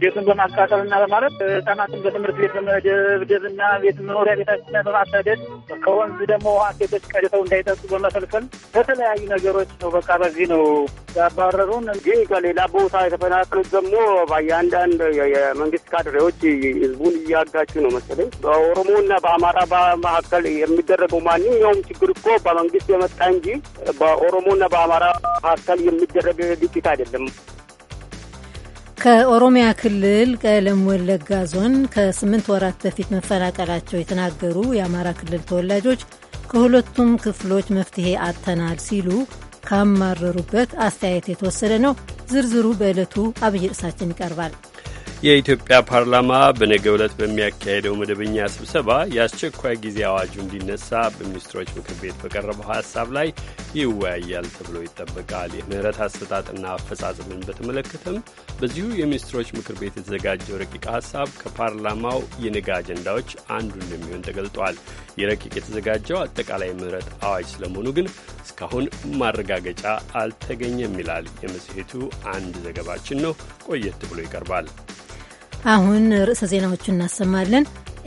ቤቱን በማቃጠል እና በማለት ህጻናትን በትምህርት ቤት በመደብደብ እና ቤት መኖሪያ ቤታችን በማሳደድ ከወንዝ ደግሞ ውሃ ሴቶች ቀድተው እንዳይጠጡ በመፈልፈል በተለያዩ ነገሮች ነው። በቃ በዚህ ነው ያባረሩን እንጂ ከሌላ ቦታ የተፈናቀሉት ደግሞ በአንዳንድ የመንግስት ካድሬዎች ህዝቡን እያጋጩ ነው መሰለኝ። በኦሮሞ እና በአማራ መካከል የሚደረገው ማንኛውም ችግር እኮ በመንግስት የመጣ እንጂ በኦሮሞ እና በአማራ መካከል የሚደረግ ግጭት አይደለም። ከኦሮሚያ ክልል ቀለም ወለጋ ዞን ከስምንት ወራት በፊት መፈናቀላቸው የተናገሩ የአማራ ክልል ተወላጆች ከሁለቱም ክፍሎች መፍትሄ አጥተናል ሲሉ ካማረሩበት አስተያየት የተወሰደ ነው። ዝርዝሩ በዕለቱ አብይ ርዕሳችን ይቀርባል። የኢትዮጵያ ፓርላማ በነገ ዕለት በሚያካሄደው መደበኛ ስብሰባ የአስቸኳይ ጊዜ አዋጁ እንዲነሳ በሚኒስትሮች ምክር ቤት በቀረበው ሀሳብ ላይ ይወያያል ተብሎ ይጠበቃል። የምህረት አሰጣጥና አፈጻጽምን በተመለከተም በዚሁ የሚኒስትሮች ምክር ቤት የተዘጋጀው ረቂቅ ሀሳብ ከፓርላማው የነገ አጀንዳዎች አንዱ እንደሚሆን ተገልጧል። ይህ ረቂቅ የተዘጋጀው አጠቃላይ ምህረት አዋጅ ስለመሆኑ ግን እስካሁን ማረጋገጫ አልተገኘም ይላል የመጽሔቱ አንድ ዘገባችን ነው። ቆየት ብሎ ይቀርባል። አሁን ርዕሰ ዜናዎቹ እናሰማለን።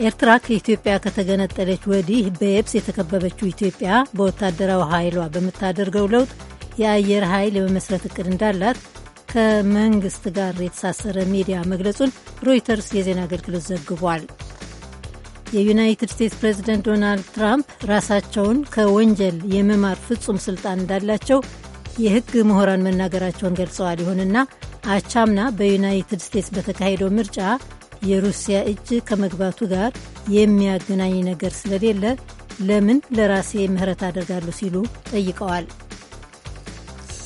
ኤርትራ ከኢትዮጵያ ከተገነጠለች ወዲህ በየብስ የተከበበችው ኢትዮጵያ በወታደራዊ ኃይሏ በምታደርገው ለውጥ የአየር ኃይል የመመስረት እቅድ እንዳላት ከመንግስት ጋር የተሳሰረ ሚዲያ መግለጹን ሮይተርስ የዜና አገልግሎት ዘግቧል። የዩናይትድ ስቴትስ ፕሬዚደንት ዶናልድ ትራምፕ ራሳቸውን ከወንጀል የመማር ፍጹም ስልጣን እንዳላቸው የሕግ ምሁራን መናገራቸውን ገልጸዋል። ይሁንና አቻምና በዩናይትድ ስቴትስ በተካሄደው ምርጫ የሩሲያ እጅ ከመግባቱ ጋር የሚያገናኝ ነገር ስለሌለ ለምን ለራሴ ምህረት አደርጋለሁ ሲሉ ጠይቀዋል።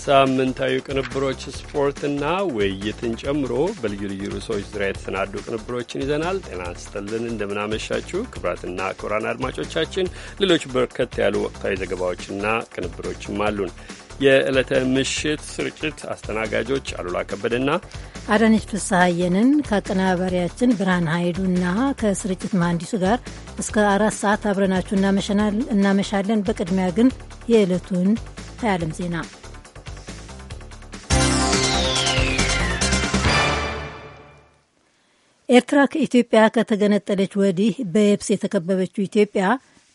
ሳምንታዊ ቅንብሮች ስፖርትና ውይይትን ጨምሮ በልዩ ልዩ ርዕሶች ዙሪያ የተሰናዱ ቅንብሮችን ይዘናል። ጤና ይስጥልን፣ እንደምናመሻችሁ ክቡራትና ክቡራን አድማጮቻችን። ሌሎች በርከት ያሉ ወቅታዊ ዘገባዎችና ቅንብሮችም አሉን። የዕለተ ምሽት ስርጭት አስተናጋጆች አሉላ ከበደና አዳነች ፍስሐየንን ከአቀናባሪያችን ብርሃን ኃይሉና ከስርጭት መሐንዲሱ ጋር እስከ አራት ሰዓት አብረናችሁ እናመሻለን። በቅድሚያ ግን የዕለቱን የዓለም ዜና ኤርትራ ከኢትዮጵያ ከተገነጠለች ወዲህ በየብስ የተከበበችው ኢትዮጵያ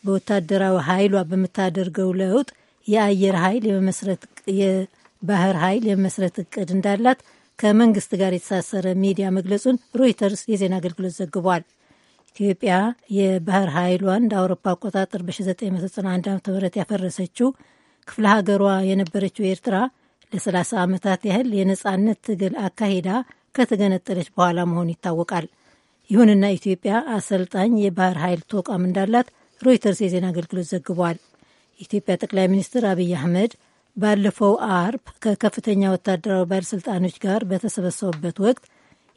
በወታደራዊ ኃይሏ በምታደርገው ለውጥ የአየር ኃይል የመመስረት የባህር ኃይል የመመስረት እቅድ እንዳላት ከመንግስት ጋር የተሳሰረ ሚዲያ መግለጹን ሮይተርስ የዜና አገልግሎት ዘግቧል። ኢትዮጵያ የባህር ኃይሏን እንደ አውሮፓ አቆጣጠር በ1991 ዓ ም ያፈረሰችው ክፍለ ሀገሯ የነበረችው ኤርትራ ለ30 ዓመታት ያህል የነፃነት ትግል አካሂዳ ከተገነጠለች በኋላ መሆኑ ይታወቃል። ይሁንና ኢትዮጵያ አሰልጣኝ የባህር ኃይል ተቋም እንዳላት ሮይተርስ የዜና አገልግሎት ዘግቧል። የኢትዮጵያ ጠቅላይ ሚኒስትር አብይ አህመድ ባለፈው አርብ ከከፍተኛ ወታደራዊ ባለሥልጣኖች ጋር በተሰበሰቡበት ወቅት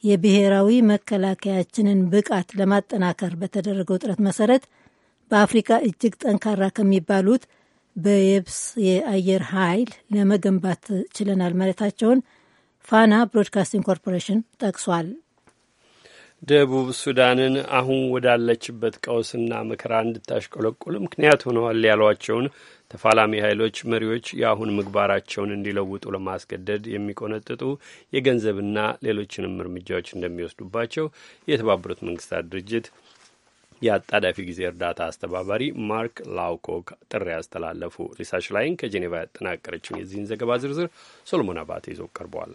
የብሔራዊ መከላከያችንን ብቃት ለማጠናከር በተደረገው ጥረት መሰረት በአፍሪካ እጅግ ጠንካራ ከሚባሉት በየብስ የአየር ኃይል ለመገንባት ችለናል ማለታቸውን ፋና ብሮድካስቲንግ ኮርፖሬሽን ጠቅሷል። ደቡብ ሱዳንን አሁን ወዳለችበት ቀውስና መከራ እንድታሽቆለቁል ምክንያት ሆነዋል ያሏቸውን ተፋላሚ ኃይሎች መሪዎች የአሁን ምግባራቸውን እንዲለውጡ ለማስገደድ የሚቆነጥጡ የገንዘብና ሌሎችንም እርምጃዎች እንደሚወስዱባቸው የተባበሩት መንግስታት ድርጅት የአጣዳፊ ጊዜ እርዳታ አስተባባሪ ማርክ ላውኮክ ጥሪ ያስተላለፉ። ሊሳ ላይን ከጄኔቫ ያጠናቀረችውን የዚህን ዘገባ ዝርዝር ሶሎሞን አባቴ ይዞ ቀርበዋል።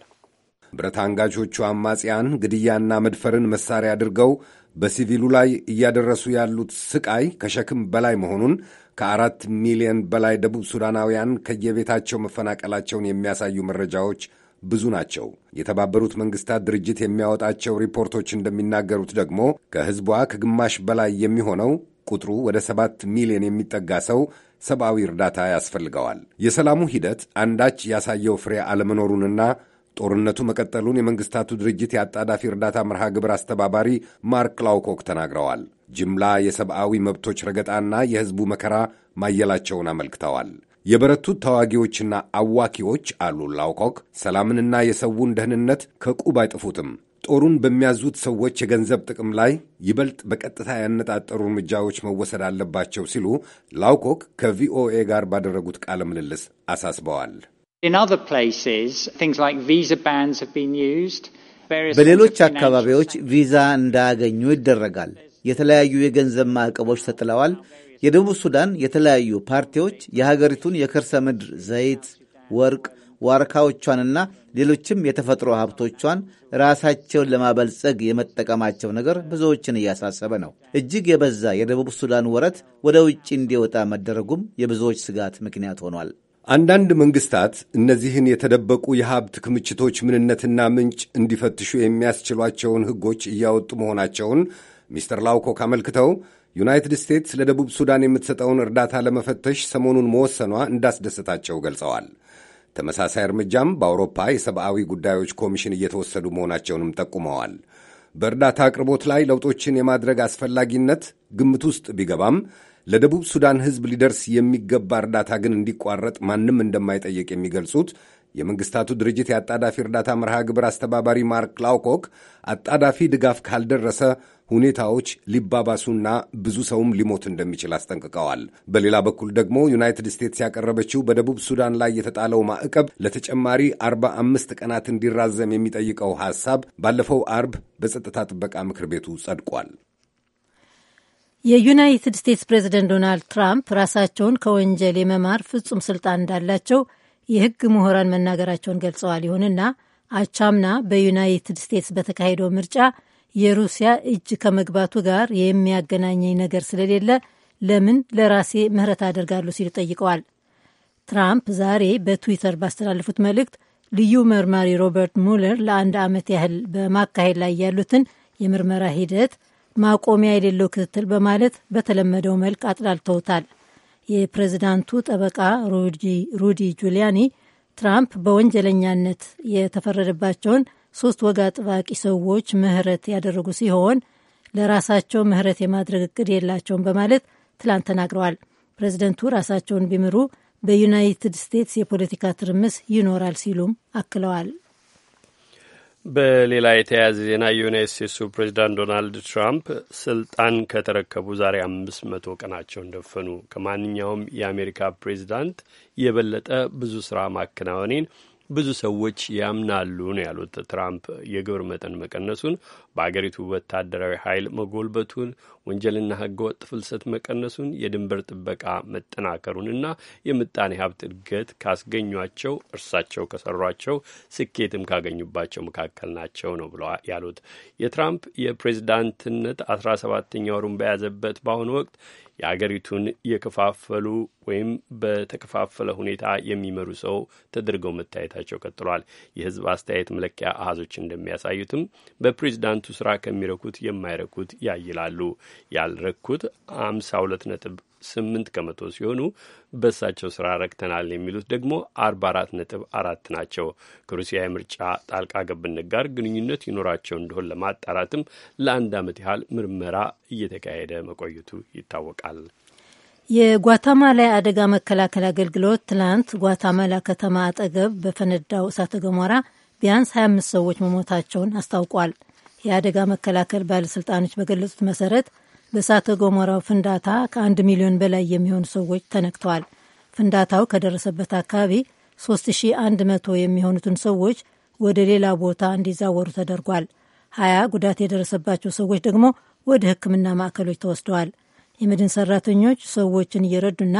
ብረት አንጋቾቹ አማጽያን ግድያና መድፈርን መሳሪያ አድርገው በሲቪሉ ላይ እያደረሱ ያሉት ስቃይ ከሸክም በላይ መሆኑን ከአራት ሚሊዮን በላይ ደቡብ ሱዳናውያን ከየቤታቸው መፈናቀላቸውን የሚያሳዩ መረጃዎች ብዙ ናቸው። የተባበሩት መንግስታት ድርጅት የሚያወጣቸው ሪፖርቶች እንደሚናገሩት ደግሞ ከህዝቧ ከግማሽ በላይ የሚሆነው ቁጥሩ ወደ ሰባት ሚሊዮን የሚጠጋ ሰው ሰብአዊ እርዳታ ያስፈልገዋል። የሰላሙ ሂደት አንዳች ያሳየው ፍሬ አለመኖሩንና ጦርነቱ መቀጠሉን የመንግስታቱ ድርጅት የአጣዳፊ እርዳታ መርሃ ግብር አስተባባሪ ማርክ ላውኮክ ተናግረዋል። ጅምላ የሰብአዊ መብቶች ረገጣና የህዝቡ መከራ ማየላቸውን አመልክተዋል። የበረቱት ተዋጊዎችና አዋኪዎች አሉ ላውኮክ፣ ሰላምንና የሰውን ደህንነት ከቁብ አይጥፉትም። ጦሩን በሚያዙት ሰዎች የገንዘብ ጥቅም ላይ ይበልጥ በቀጥታ ያነጣጠሩ እርምጃዎች መወሰድ አለባቸው ሲሉ ላውኮክ ከቪኦኤ ጋር ባደረጉት ቃለ ምልልስ አሳስበዋል። በሌሎች አካባቢዎች ቪዛ እንዳያገኙ ይደረጋል። የተለያዩ የገንዘብ ማዕቀቦች ተጥለዋል። የደቡብ ሱዳን የተለያዩ ፓርቲዎች የሀገሪቱን የከርሰ ምድር ዘይት፣ ወርቅ፣ ዋርካዎቿንና ሌሎችም የተፈጥሮ ሀብቶቿን ራሳቸውን ለማበልጸግ የመጠቀማቸው ነገር ብዙዎችን እያሳሰበ ነው። እጅግ የበዛ የደቡብ ሱዳን ወረት ወደ ውጭ እንዲወጣ መደረጉም የብዙዎች ስጋት ምክንያት ሆኗል። አንዳንድ መንግስታት እነዚህን የተደበቁ የሀብት ክምችቶች ምንነትና ምንጭ እንዲፈትሹ የሚያስችሏቸውን ህጎች እያወጡ መሆናቸውን ሚስተር ላውኮክ አመልክተው ዩናይትድ ስቴትስ ለደቡብ ሱዳን የምትሰጠውን እርዳታ ለመፈተሽ ሰሞኑን መወሰኗ እንዳስደሰታቸው ገልጸዋል። ተመሳሳይ እርምጃም በአውሮፓ የሰብአዊ ጉዳዮች ኮሚሽን እየተወሰዱ መሆናቸውንም ጠቁመዋል። በእርዳታ አቅርቦት ላይ ለውጦችን የማድረግ አስፈላጊነት ግምት ውስጥ ቢገባም ለደቡብ ሱዳን ሕዝብ ሊደርስ የሚገባ እርዳታ ግን እንዲቋረጥ ማንም እንደማይጠየቅ የሚገልጹት የመንግስታቱ ድርጅት የአጣዳፊ እርዳታ መርሃ ግብር አስተባባሪ ማርክ ላውኮክ አጣዳፊ ድጋፍ ካልደረሰ ሁኔታዎች ሊባባሱና ብዙ ሰውም ሊሞት እንደሚችል አስጠንቅቀዋል። በሌላ በኩል ደግሞ ዩናይትድ ስቴትስ ያቀረበችው በደቡብ ሱዳን ላይ የተጣለው ማዕቀብ ለተጨማሪ 45 ቀናት እንዲራዘም የሚጠይቀው ሐሳብ ባለፈው አርብ በጸጥታ ጥበቃ ምክር ቤቱ ጸድቋል። የዩናይትድ ስቴትስ ፕሬዚደንት ዶናልድ ትራምፕ ራሳቸውን ከወንጀል የመማር ፍጹም ስልጣን እንዳላቸው የህግ ምሁራን መናገራቸውን ገልጸዋል። ይሁንና አቻምና በዩናይትድ ስቴትስ በተካሄደው ምርጫ የሩሲያ እጅ ከመግባቱ ጋር የሚያገናኘኝ ነገር ስለሌለ ለምን ለራሴ ምህረት አደርጋለሁ ሲሉ ጠይቀዋል። ትራምፕ ዛሬ በትዊተር ባስተላለፉት መልእክት ልዩ መርማሪ ሮበርት ሙለር ለአንድ ዓመት ያህል በማካሄድ ላይ ያሉትን የምርመራ ሂደት ማቆሚያ የሌለው ክትትል በማለት በተለመደው መልክ አጥላልተውታል። የፕሬዚዳንቱ ጠበቃ ሩዲ ጁሊያኒ ትራምፕ በወንጀለኛነት የተፈረደባቸውን ሶስት ወግ አጥባቂ ሰዎች ምህረት ያደረጉ ሲሆን ለራሳቸው ምህረት የማድረግ እቅድ የላቸውም በማለት ትላንት ተናግረዋል። ፕሬዚደንቱ ራሳቸውን ቢምሩ በዩናይትድ ስቴትስ የፖለቲካ ትርምስ ይኖራል ሲሉም አክለዋል። በሌላ የተያያዘ ዜና የዩናይት ስቴትሱ ፕሬዚዳንት ዶናልድ ትራምፕ ስልጣን ከተረከቡ ዛሬ አምስት መቶ ቀናቸውን ደፈኑ። ከማንኛውም የአሜሪካ ፕሬዚዳንት የበለጠ ብዙ ስራ ማከናወኔን ብዙ ሰዎች ያምናሉ ነው ያሉት ትራምፕ የግብር መጠን መቀነሱን፣ በአገሪቱ ወታደራዊ ኃይል መጎልበቱን፣ ወንጀልና ህገወጥ ፍልሰት መቀነሱን፣ የድንበር ጥበቃ መጠናከሩንና የምጣኔ ሀብት እድገት ካስገኟቸው እርሳቸው ከሰሯቸው ስኬትም ካገኙባቸው መካከል ናቸው ነው ብለ ያሉት የትራምፕ የፕሬዚዳንትነት አስራ ሰባተኛ ወሩን በያዘበት በአሁኑ ወቅት የአገሪቱን የከፋፈሉ ወይም በተከፋፈለ ሁኔታ የሚመሩ ሰው ተደርገው መታየታቸው ቀጥሏል። የህዝብ አስተያየት መለኪያ አሃዞች እንደሚያሳዩትም በፕሬዚዳንቱ ስራ ከሚረኩት የማይረኩት ያይላሉ። ያልረኩት አምሳ ሁለት ነጥብ ስምንት ከመቶ ሲሆኑ በእሳቸው ስራ ረክተናል የሚሉት ደግሞ አርባ አራት ነጥብ አራት ናቸው። ከሩሲያ የምርጫ ጣልቃ ገብነት ጋር ግንኙነት ይኖራቸው እንደሆን ለማጣራትም ለአንድ ዓመት ያህል ምርመራ እየተካሄደ መቆየቱ ይታወቃል። የጓታማላ የአደጋ መከላከል አገልግሎት ትላንት ጓታማላ ከተማ አጠገብ በፈነዳው እሳተ ገሞራ ቢያንስ 25 ሰዎች መሞታቸውን አስታውቋል። የአደጋ መከላከል ባለሥልጣኖች በገለጹት መሰረት በእሳተ ገሞራው ፍንዳታ ከአንድ ሚሊዮን በላይ የሚሆኑ ሰዎች ተነክተዋል። ፍንዳታው ከደረሰበት አካባቢ 3100 የሚሆኑትን ሰዎች ወደ ሌላ ቦታ እንዲዛወሩ ተደርጓል። ሀያ ጉዳት የደረሰባቸው ሰዎች ደግሞ ወደ ሕክምና ማዕከሎች ተወስደዋል። የመድን ሰራተኞች ሰዎችን እየረዱና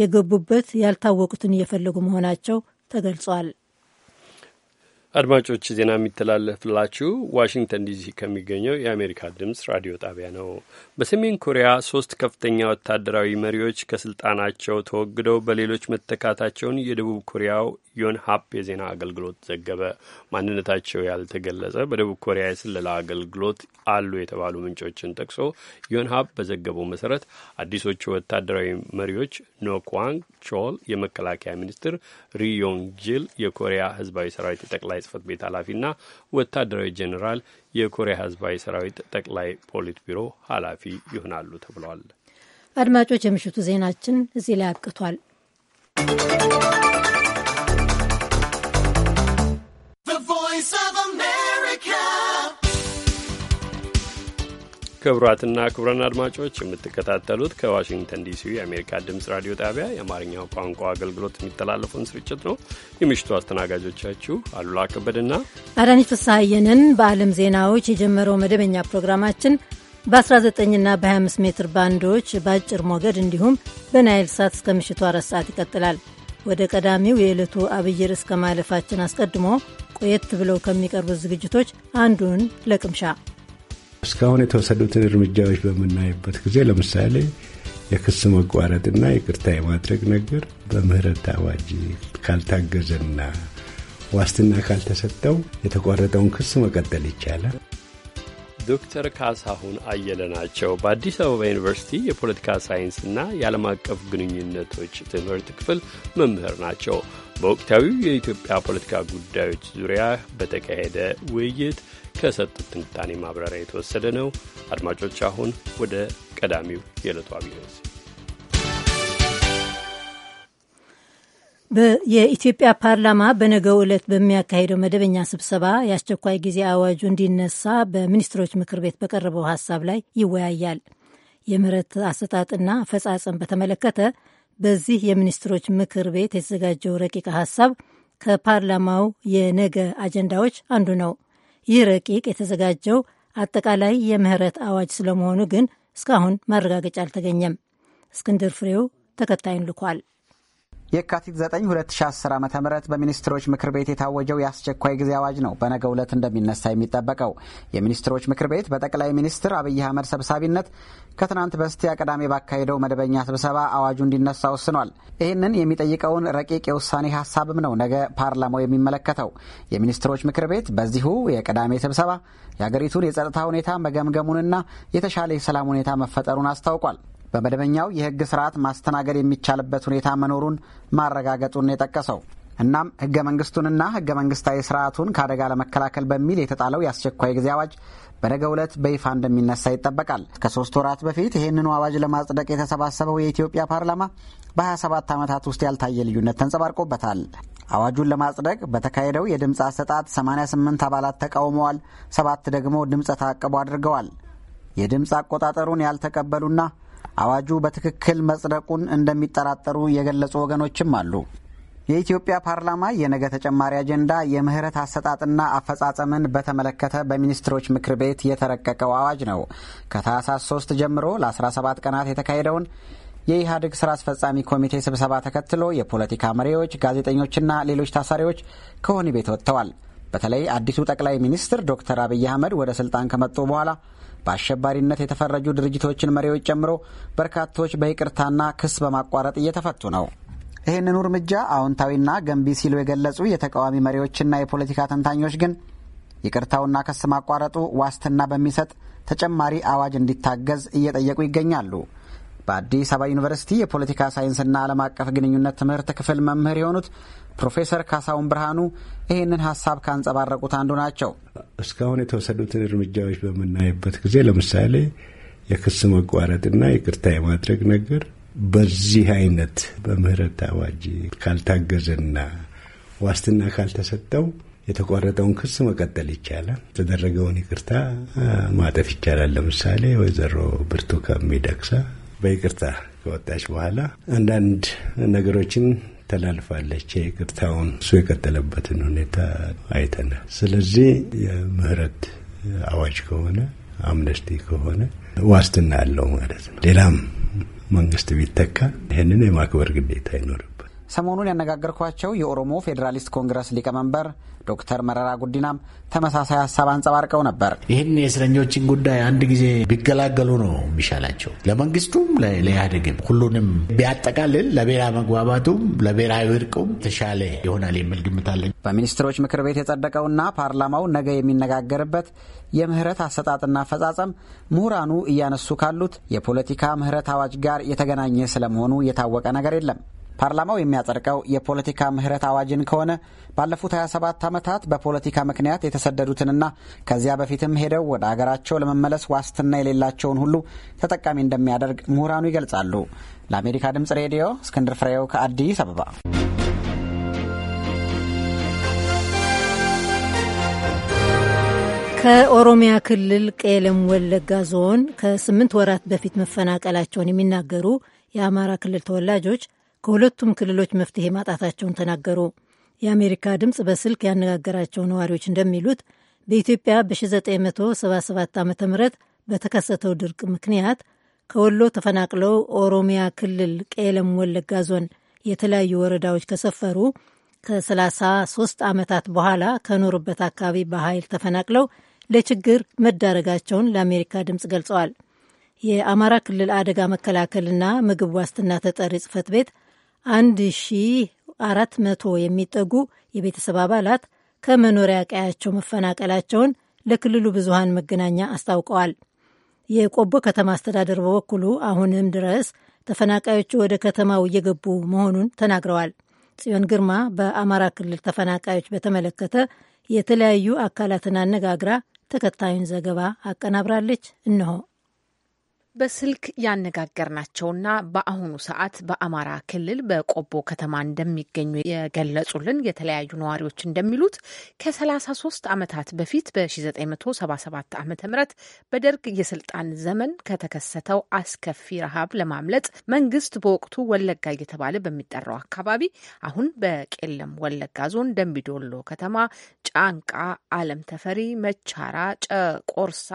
የገቡበት ያልታወቁትን እየፈለጉ መሆናቸው ተገልጿል። አድማጮች ዜና የሚተላለፍላችሁ ዋሽንግተን ዲሲ ከሚገኘው የአሜሪካ ድምፅ ራዲዮ ጣቢያ ነው። በሰሜን ኮሪያ ሶስት ከፍተኛ ወታደራዊ መሪዎች ከስልጣናቸው ተወግደው በሌሎች መተካታቸውን የደቡብ ኮሪያው ሀፕ የዜና አገልግሎት ዘገበ። ማንነታቸው ያልተገለጸ በደቡብ ኮሪያ የስለላ አገልግሎት አሉ የተባሉ ምንጮችን ጠቅሶ ዮን ሀፕ በዘገበው መሰረት አዲሶቹ ወታደራዊ መሪዎች ኖክዋንግ ቾል የመከላከያ ሚኒስትር፣ ሪዮንግ ጂል የኮሪያ ህዝባዊ ሰራዊት ጠቅላይ ጽህፈት ቤት ኃላፊና ወታደራዊ ጄኔራል የኮሪያ ህዝባዊ ሰራዊት ጠቅላይ ፖሊት ቢሮ ኃላፊ ይሆናሉ ተብለዋል። አድማጮች፣ የምሽቱ ዜናችን እዚህ ላይ አብቅቷል። ክቡራትና ክቡራን አድማጮች የምትከታተሉት ከዋሽንግተን ዲሲ የአሜሪካ ድምፅ ራዲዮ ጣቢያ የአማርኛው ቋንቋ አገልግሎት የሚተላለፈውን ስርጭት ነው። የምሽቱ አስተናጋጆቻችሁ አሉላ ከበድና አዳነች ፍስሐየንን። በዓለም ዜናዎች የጀመረው መደበኛ ፕሮግራማችን በ19ና በ25 ሜትር ባንዶች በአጭር ሞገድ እንዲሁም በናይል ሳት እስከ ምሽቱ አራት ሰዓት ይቀጥላል። ወደ ቀዳሚው የዕለቱ አብይ ርዕስ ከማለፋችን አስቀድሞ ቆየት ብለው ከሚቀርቡት ዝግጅቶች አንዱን ለቅምሻ እስካሁን የተወሰዱትን እርምጃዎች በምናይበት ጊዜ ለምሳሌ የክስ መቋረጥና ይቅርታ የማድረግ ነገር በምህረት አዋጅ ካልታገዘና ዋስትና ካልተሰጠው የተቋረጠውን ክስ መቀጠል ይቻላል። ዶክተር ካሳሁን አየለ ናቸው። በአዲስ አበባ ዩኒቨርሲቲ የፖለቲካ ሳይንስና የዓለም አቀፍ ግንኙነቶች ትምህርት ክፍል መምህር ናቸው። በወቅታዊው የኢትዮጵያ ፖለቲካ ጉዳዮች ዙሪያ በተካሄደ ውይይት ከሰጡት ትንታኔ ማብራሪያ የተወሰደ ነው። አድማጮች፣ አሁን ወደ ቀዳሚው የዕለቱ አብይ የኢትዮጵያ ፓርላማ በነገው ዕለት በሚያካሄደው መደበኛ ስብሰባ የአስቸኳይ ጊዜ አዋጁ እንዲነሳ በሚኒስትሮች ምክር ቤት በቀረበው ሀሳብ ላይ ይወያያል። የምህረት አሰጣጥና አፈጻጸም በተመለከተ በዚህ የሚኒስትሮች ምክር ቤት የተዘጋጀው ረቂቅ ሀሳብ ከፓርላማው የነገ አጀንዳዎች አንዱ ነው። ይህ ረቂቅ የተዘጋጀው አጠቃላይ የምህረት አዋጅ ስለመሆኑ ግን እስካሁን ማረጋገጫ አልተገኘም። እስክንድር ፍሬው ተከታዩን ልኳል። የካቲት 9 2010 ዓ ም በሚኒስትሮች ምክር ቤት የታወጀው የአስቸኳይ ጊዜ አዋጅ ነው በነገ ዕለት እንደሚነሳ የሚጠበቀው። የሚኒስትሮች ምክር ቤት በጠቅላይ ሚኒስትር አብይ አህመድ ሰብሳቢነት ከትናንት በስቲያ ቅዳሜ ባካሄደው መደበኛ ስብሰባ አዋጁ እንዲነሳ ወስኗል። ይህንን የሚጠይቀውን ረቂቅ የውሳኔ ሀሳብም ነው ነገ ፓርላማው የሚመለከተው። የሚኒስትሮች ምክር ቤት በዚሁ የቅዳሜ ስብሰባ የአገሪቱን የጸጥታ ሁኔታ መገምገሙንና የተሻለ የሰላም ሁኔታ መፈጠሩን አስታውቋል። በመደበኛው የህግ ስርዓት ማስተናገድ የሚቻልበት ሁኔታ መኖሩን ማረጋገጡን የጠቀሰው እናም ህገ መንግስቱንና ህገ መንግስታዊ ስርዓቱን ከአደጋ ለመከላከል በሚል የተጣለው የአስቸኳይ ጊዜ አዋጅ በነገ ዕለት በይፋ እንደሚነሳ ይጠበቃል። ከሶስት ወራት በፊት ይህንኑ አዋጅ ለማጽደቅ የተሰባሰበው የኢትዮጵያ ፓርላማ በ27 ዓመታት ውስጥ ያልታየ ልዩነት ተንጸባርቆበታል። አዋጁን ለማጽደቅ በተካሄደው የድምፅ አሰጣጥ 88 አባላት ተቃውመዋል፣ ሰባት ደግሞ ድምፀ ታቅቦ አድርገዋል። የድምፅ አቆጣጠሩን ያልተቀበሉና አዋጁ በትክክል መጽደቁን እንደሚጠራጠሩ የገለጹ ወገኖችም አሉ። የኢትዮጵያ ፓርላማ የነገ ተጨማሪ አጀንዳ የምህረት አሰጣጥና አፈጻጸምን በተመለከተ በሚኒስትሮች ምክር ቤት የተረቀቀው አዋጅ ነው። ከታህሳስ 3 ጀምሮ ለ17 ቀናት የተካሄደውን የኢህአዴግ ስራ አስፈጻሚ ኮሚቴ ስብሰባ ተከትሎ የፖለቲካ መሪዎች፣ ጋዜጠኞችና ሌሎች ታሳሪዎች ከወህኒ ቤት ወጥተዋል። በተለይ አዲሱ ጠቅላይ ሚኒስትር ዶክተር አብይ አህመድ ወደ ስልጣን ከመጡ በኋላ በአሸባሪነት የተፈረጁ ድርጅቶችን መሪዎች ጨምሮ በርካቶች በይቅርታና ክስ በማቋረጥ እየተፈቱ ነው። ይህንኑ እርምጃ አዎንታዊና ገንቢ ሲሉ የገለጹ የተቃዋሚ መሪዎችና የፖለቲካ ተንታኞች ግን ይቅርታውና ክስ ማቋረጡ ዋስትና በሚሰጥ ተጨማሪ አዋጅ እንዲታገዝ እየጠየቁ ይገኛሉ። በአዲስ አበባ ዩኒቨርሲቲ የፖለቲካ ሳይንስና ዓለም አቀፍ ግንኙነት ትምህርት ክፍል መምህር የሆኑት ፕሮፌሰር ካሳሁን ብርሃኑ ይህንን ሀሳብ ካንጸባረቁት አንዱ ናቸው። እስካሁን የተወሰዱትን እርምጃዎች በምናይበት ጊዜ ለምሳሌ የክስ መቋረጥና ይቅርታ የማድረግ ነገር በዚህ አይነት በምህረት አዋጅ ካልታገዘና ዋስትና ካልተሰጠው የተቋረጠውን ክስ መቀጠል ይቻላል። የተደረገውን ይቅርታ ማጠፍ ይቻላል። ለምሳሌ ወይዘሮ ብርቱካን ሚደቅሳ በይቅርታ ከወጣች በኋላ አንዳንድ ነገሮችን ተላልፋለች። ይቅርታውን እሱ የቀጠለበትን ሁኔታ አይተናል። ስለዚህ የምህረት አዋጅ ከሆነ አምነስቲ ከሆነ ዋስትና ያለው ማለት ነው። ሌላም መንግስት ቢተካ ይህንን የማክበር ግዴታ አይኖርም። ሰሞኑን ያነጋገርኳቸው የኦሮሞ ፌዴራሊስት ኮንግረስ ሊቀመንበር ዶክተር መረራ ጉዲናም ተመሳሳይ ሀሳብ አንጸባርቀው ነበር። ይህን የእስረኞችን ጉዳይ አንድ ጊዜ ቢገላገሉ ነው የሚሻላቸው፣ ለመንግስቱም ለኢህአዴግም፣ ሁሉንም ቢያጠቃልል ለብሔራዊ መግባባቱም ለብሔራዊ እርቁም ተሻለ ይሆናል የሚል ግምት አለኝ። በሚኒስትሮች ምክር ቤት የጸደቀውና ፓርላማው ነገ የሚነጋገርበት የምህረት አሰጣጥና አፈጻጸም ምሁራኑ እያነሱ ካሉት የፖለቲካ ምህረት አዋጅ ጋር የተገናኘ ስለመሆኑ የታወቀ ነገር የለም። ፓርላማው የሚያጸድቀው የፖለቲካ ምህረት አዋጅን ከሆነ ባለፉት 27 ዓመታት በፖለቲካ ምክንያት የተሰደዱትንና ከዚያ በፊትም ሄደው ወደ አገራቸው ለመመለስ ዋስትና የሌላቸውን ሁሉ ተጠቃሚ እንደሚያደርግ ምሁራኑ ይገልጻሉ። ለአሜሪካ ድምፅ ሬዲዮ እስክንድር ፍሬው ከአዲስ አበባ። ከኦሮሚያ ክልል ቄለም ወለጋ ዞን ከስምንት ወራት በፊት መፈናቀላቸውን የሚናገሩ የአማራ ክልል ተወላጆች ከሁለቱም ክልሎች መፍትሄ ማጣታቸውን ተናገሩ። የአሜሪካ ድምፅ በስልክ ያነጋገራቸው ነዋሪዎች እንደሚሉት በኢትዮጵያ በ1977 ዓ ም በተከሰተው ድርቅ ምክንያት ከወሎ ተፈናቅለው ኦሮሚያ ክልል ቄለም ወለጋ ዞን የተለያዩ ወረዳዎች ከሰፈሩ ከ33 ዓመታት በኋላ ከኖሩበት አካባቢ በኃይል ተፈናቅለው ለችግር መዳረጋቸውን ለአሜሪካ ድምፅ ገልጸዋል። የአማራ ክልል አደጋ መከላከልና ምግብ ዋስትና ተጠሪ ጽህፈት ቤት አንድ ሺ አራት መቶ የሚጠጉ የቤተሰብ አባላት ከመኖሪያ ቀያቸው መፈናቀላቸውን ለክልሉ ብዙሃን መገናኛ አስታውቀዋል። የቆቦ ከተማ አስተዳደር በበኩሉ አሁንም ድረስ ተፈናቃዮቹ ወደ ከተማው እየገቡ መሆኑን ተናግረዋል። ጽዮን ግርማ በአማራ ክልል ተፈናቃዮች በተመለከተ የተለያዩ አካላትን አነጋግራ ተከታዩን ዘገባ አቀናብራለች። እነሆ በስልክ ያነጋገርናቸውና በአሁኑ ሰዓት በአማራ ክልል በቆቦ ከተማ እንደሚገኙ የገለጹልን የተለያዩ ነዋሪዎች እንደሚሉት ከ33 ዓመታት በፊት በ1977 ዓ ም በደርግ የስልጣን ዘመን ከተከሰተው አስከፊ ረሃብ ለማምለጥ መንግስት በወቅቱ ወለጋ እየተባለ በሚጠራው አካባቢ አሁን በቄለም ወለጋ ዞን ደምቢዶሎ ከተማ ጫንቃ፣ አለም ተፈሪ፣ መቻራ፣ ጨቆርሳ፣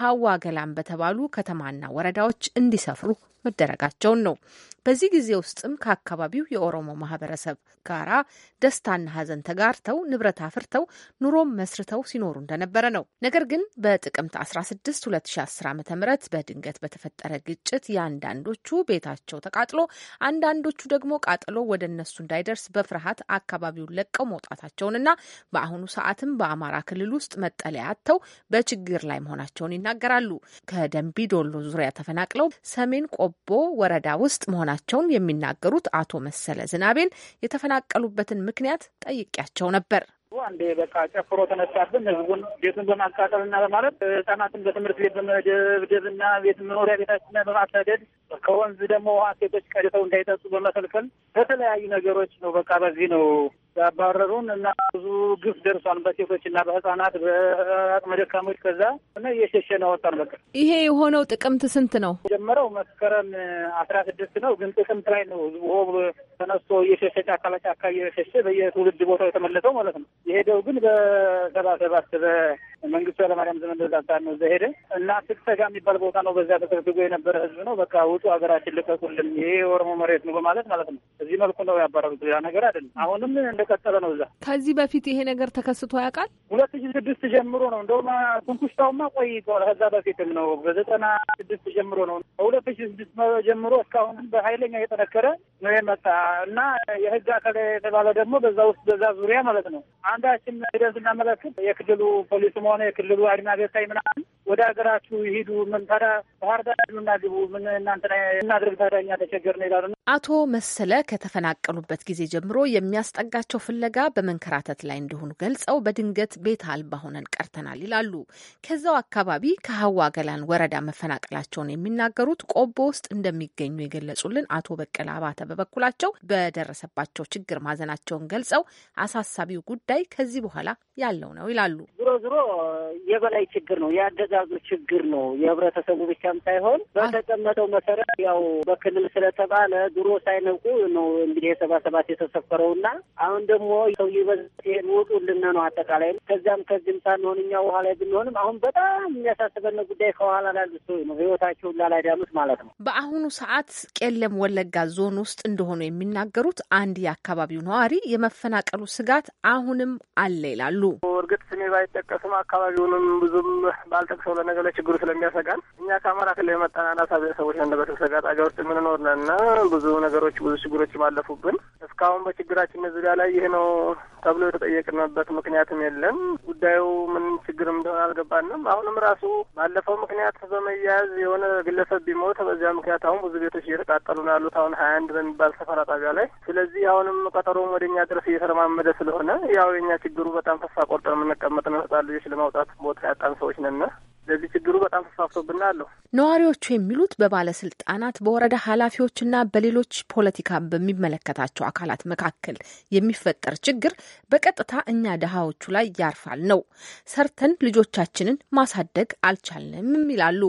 ሀዋ ገላም በተባሉ ከተማና ወረዳዎች እንዲሰፍሩ መደረጋቸውን ነው። በዚህ ጊዜ ውስጥም ከአካባቢው የኦሮሞ ማህበረሰብ ጋራ ደስታና ሀዘን ተጋርተው ንብረት አፍርተው ኑሮም መስርተው ሲኖሩ እንደነበረ ነው። ነገር ግን በጥቅምት 16 2010 ዓ ም በድንገት በተፈጠረ ግጭት የአንዳንዶቹ ቤታቸው ተቃጥሎ አንዳንዶቹ ደግሞ ቃጥሎ ወደ እነሱ እንዳይደርስ በፍርሃት አካባቢውን ለቀው መውጣታቸውንና በአሁኑ ሰዓትም በአማራ ክልል ውስጥ መጠለያ አጥተው በችግር ላይ መሆናቸውን ይናገራሉ። ከደንቢ ዶሎ ዙሪያ ተፈናቅለው ሰሜን ቆቦ ወረዳ ውስጥ መሆናቸው መሆናቸውን የሚናገሩት አቶ መሰለ ዝናቤን የተፈናቀሉበትን ምክንያት ጠይቄያቸው ነበር። አንዴ በቃ ጨፍሮ ተነሳብን። ህዝቡን ቤቱን በማቃጠል እና በማለት ህጻናትን በትምህርት ቤት በመደብደብ እና ቤት መኖሪያ ቤታችን በማሳደድ ከወንዝ ደግሞ ውሃ ሴቶች ቀድተው እንዳይጠጡ በመከልከል በተለያዩ ነገሮች ነው። በቃ በዚህ ነው ያባረሩን እና ብዙ ግፍ ደርሷል በሴቶች እና በህጻናት በአቅመ ደካሞች ከዛ እና እየሸሸን አወጣን። በቃ ይሄ የሆነው ጥቅምት ስንት ነው? ጀመረው መስከረም አስራ ስድስት ነው፣ ግን ጥቅምት ላይ ነው ህዝቡ ሆ ተነስቶ እየሸሸ ጫካ ለጫካ እየሸሸ በየትውልድ ቦታው የተመለሰው ማለት ነው። የሄደው ግን በሰባ ሰባት በመንግስቱ ኃይለማርያም ዘመን በዛሳት ነው እዛ ሄደ እና ስቅሰጋ የሚባል ቦታ ነው። በዚያ ተሰብስቦ የነበረ ህዝብ ነው። በቃ ውጡ፣ ሀገራችን ልቀቁልን፣ ይሄ የኦሮሞ መሬት ነው በማለት ማለት ነው። እዚህ መልኩ ነው ያባረሩት፣ ሌላ ነገር አይደለም። አሁንም እንደቀጠለ ነው። እዛ ከዚህ በፊት ይሄ ነገር ተከስቶ ያውቃል? ሁለት ሺ ስድስት ጀምሮ ነው እንደውም ትንኩሽታውማ ቆይቷል ከዛ በፊትም ነው በዘጠና ስድስት ጀምሮ ነው ከሁለት ሺ ስድስት ጀምሮ እስካሁን በኃይለኛ የጠነከረ ነው የመጣ እና የህግ አካል የተባለ ደግሞ በዛ ውስጥ በዛ ዙሪያ ማለት ነው አንዳችን ሂደን ስናመለክት የክልሉ ፖሊስም ሆነ የክልሉ አድማ ቤታይ ምናምን ወደ ሀገራችሁ ይሂዱ፣ ምን ታዲያ ባህር ዳር ሂዱና ግቡ፣ ምን እናንተ እናድርግ ታዲያ እኛ ተቸገርን ይላሉ። አቶ መሰለ ከተፈናቀሉበት ጊዜ ጀምሮ የሚያስጠጋቸው ፍለጋ በመንከራተት ላይ እንደሆኑ ገልጸው በድንገት ቤት አልባ ሆነን ቀርተናል ይላሉ። ከዛው አካባቢ ከሀዋ ገላን ወረዳ መፈናቀላቸውን የሚናገሩት ቆቦ ውስጥ እንደሚገኙ የገለጹልን አቶ በቀለ አባተ በበኩላቸው በደረሰባቸው ችግር ማዘናቸውን ገልጸው አሳሳቢው ጉዳይ ከዚህ በኋላ ያለው ነው ይላሉ። ዞሮ ዞሮ የበላይ ችግር ነው ያደገ የአያያዙ ችግር ነው። የህብረተሰቡ ብቻም ሳይሆን በተቀመጠው መሰረት ያው በክልል ስለተባለ ድሮ ሳይነቁ ነው እንግዲህ የሰባ ሰባት የተሰፈረውና አሁን ደግሞ ሰው ይበዝ ልነ ነው አጠቃላይ ከዚያም ከዚህም ሳንሆን እኛ ውሃ ላይ ብንሆንም አሁን በጣም የሚያሳስበን ጉዳይ ከኋላ ላሉ ሰው ነው ህይወታቸውን ላላዳኑት ማለት ነው። በአሁኑ ሰዓት ቄለም ወለጋ ዞን ውስጥ እንደሆኑ የሚናገሩት አንድ የአካባቢው ነዋሪ የመፈናቀሉ ስጋት አሁንም አለ ይላሉ። እርግጥ ስሜ ባይጠቀስም አካባቢውንም ብዙም ባልጠ ሰው ለነገ ለችግሩ ስለሚያሰጋን እኛ ከአማራ ክልል የመጣን አሳቢን ቤተሰቦች ነን። በተሰጋ ጣቢያ ውስጥ የምንኖር ነን እና ብዙ ነገሮች ብዙ ችግሮች አለፉብን። እስካሁን በችግራችን ዙሪያ ላይ ይሄ ነው ተብሎ የተጠየቅንበት ምክንያትም የለም። ጉዳዩ ምን ችግር እንደሆነ አልገባንም። አሁንም ራሱ ባለፈው ምክንያት በመያያዝ የሆነ ግለሰብ ቢሞት በዚያ ምክንያት አሁን ብዙ ቤቶች እየተቃጠሉ ነው ያሉት አሁን ሀያ አንድ በሚባል ሰፈራ ጣቢያ ላይ። ስለዚህ አሁንም ቀጠሮም ወደ እኛ ድረስ እየተለማመደ ስለሆነ ያው የኛ ችግሩ በጣም ተስፋ ቆርጠን የምንቀመጥ ነው። ህጻን ልጆች ለማውጣት ቦታ ያጣን ሰዎች ነን። ለዚህ ችግሩ በጣም ተስፋፍቶብናል። ነዋሪዎቹ የሚሉት በባለስልጣናት በወረዳ ኃላፊዎችና በሌሎች ፖለቲካ በሚመለከታቸው አካላት መካከል የሚፈጠር ችግር በቀጥታ እኛ ድሃዎቹ ላይ ያርፋል ነው። ሰርተን ልጆቻችንን ማሳደግ አልቻልንም ይላሉ።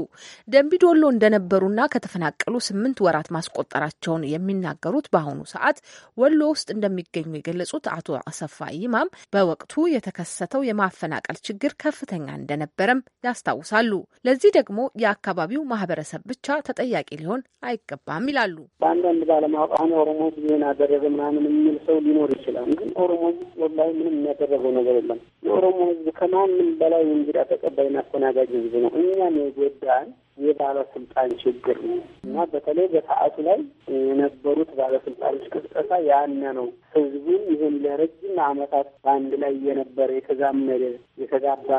ደንቢዶሎ እንደነበሩና ከተፈናቀሉ ስምንት ወራት ማስቆጠራቸውን የሚናገሩት በአሁኑ ሰዓት ወሎ ውስጥ እንደሚገኙ የገለጹት አቶ አሰፋ ይማም በወቅቱ የተከሰተው የማፈናቀል ችግር ከፍተኛ እንደነበረም ያስታውሳል። ያስታውሳሉ። ለዚህ ደግሞ የአካባቢው ማህበረሰብ ብቻ ተጠያቂ ሊሆን አይገባም ይላሉ። በአንዳንድ ባለማወቅ አሁን ኦሮሞ ህዝብ ይህን አደረገ ምናምን የሚል ሰው ሊኖር ይችላል። ግን ኦሮሞ ወላሂ ምንም የሚያደረገው ነገር የለም። የኦሮሞ ህዝብ ከማንም በላይ እንግዳ ተቀባይና አስተናጋጅ ህዝብ ነው። እኛም የጎዳን የባለስልጣን ችግር ነው እና በተለይ በሰዓቱ ላይ የነበሩት ባለስልጣኖች ቅስቀሳ ያነ ነው ህዝቡን ይህን ለረጅም አመታት በአንድ ላይ የነበረ የተዛመደ የተጋባ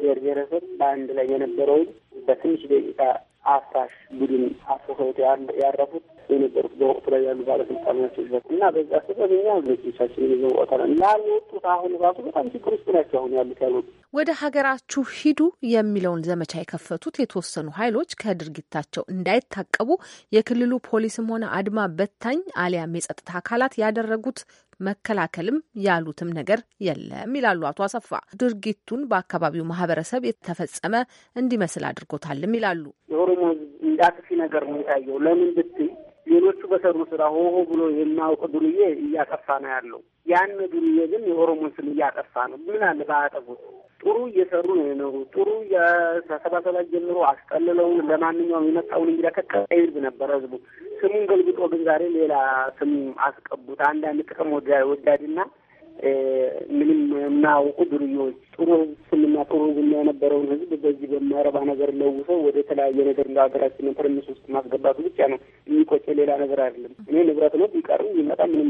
ብሔር ብሔረሰብ በአንድ ላይ የነበረውን በትንሽ ደቂቃ አፍራሽ ቡድን አፍርሰውት ያረፉት የነበሩት በወቅቱ ላይ ያሉ ባለስልጣናቸው ይበት እና በዛ ስበብ እኛ ዜጎቻችንን ይዘው ወጣል ላልወጡት አሁን ራሱ በጣም ችግር ውስጥ ናቸው አሁን ያሉት ያሉት ወደ ሀገራችሁ ሂዱ የሚለውን ዘመቻ የከፈቱት የተወሰኑ ኃይሎች ከድርጊታቸው እንዳይታቀቡ የክልሉ ፖሊስም ሆነ አድማ በታኝ አሊያም የጸጥታ አካላት ያደረጉት መከላከልም ያሉትም ነገር የለም ይላሉ አቶ አሰፋ። ድርጊቱን በአካባቢው ማህበረሰብ የተፈጸመ እንዲመስል አድርጎታልም ይላሉ። የኦሮሞ ሕዝብ አጥፊ ነገር ነው የታየው። ለምን ብትይ ሌሎቹ በሰሩ ስራ ሆሆ ብሎ የማያውቅ ዱርዬ እያጠፋ ነው ያለው። ያን ዱርዬ ግን የኦሮሞን ስም እያጠፋ ነው። ምን አለ በአጠቡ ጥሩ እየሰሩ ነው የኖሩ ጥሩ ከሰባ ጀምሮ አስጠልለውን ለማንኛውም የመጣውን እንግዳ ከቀይርብ ነበረ ህዝቡ ስሙን ገልግጦ፣ ግን ዛሬ ሌላ ስም አስቀቡት። አንዳንድ ጥቅም ወዳድና ምንም የማያውቁ ዱርዬዎች ጥሩ ስምና ጥሩ ዝና የነበረውን ህዝብ በዚህ በማይረባ ነገር ለውሰው ወደ ተለያየ ነገር እንደ ሀገራችን ፐርሚስ ውስጥ ማስገባቱ ብቻ ነው የሚቆጨ ሌላ ነገር አይደለም። እኔ ንብረት ነው ቢቀርም ይመጣ ምንም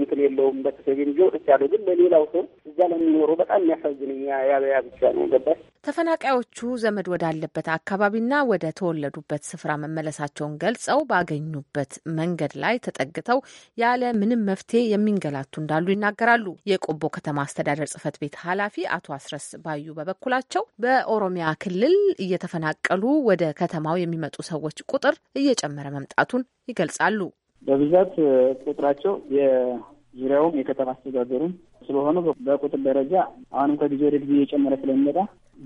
እንትን የለውም። በተሰብ የሚገው ርስ ያለው ግን ለሌላው ሰው እዛ ለሚኖረው በጣም የሚያሳዝን ያበያ ብቻ ነው ገባሽ። ተፈናቃዮቹ ዘመድ ወዳለበት አካባቢና ወደ ተወለዱበት ስፍራ መመለሳቸውን ገልጸው ባገኙበት መንገድ ላይ ተጠግተው ያለ ምንም መፍትሄ የሚንገላቱ እንዳሉ ይናገራሉ። የቆቦ ከተማ አስተዳደር ጽህፈት ቤት ኃላፊ አቶ አስረስ ባዩ በበኩላቸው በኦሮሚያ ክልል እየተፈናቀሉ ወደ ከተማው የሚመጡ ሰዎች ቁጥር እየጨመረ መምጣቱን ይገልጻሉ። በብዛት ቁጥራቸው የዙሪያውም የከተማ አስተዳደሩም ስለሆኑ በቁጥር ደረጃ አሁንም ከጊዜ ወደ ጊዜ እየጨመረ ስለሚመጣ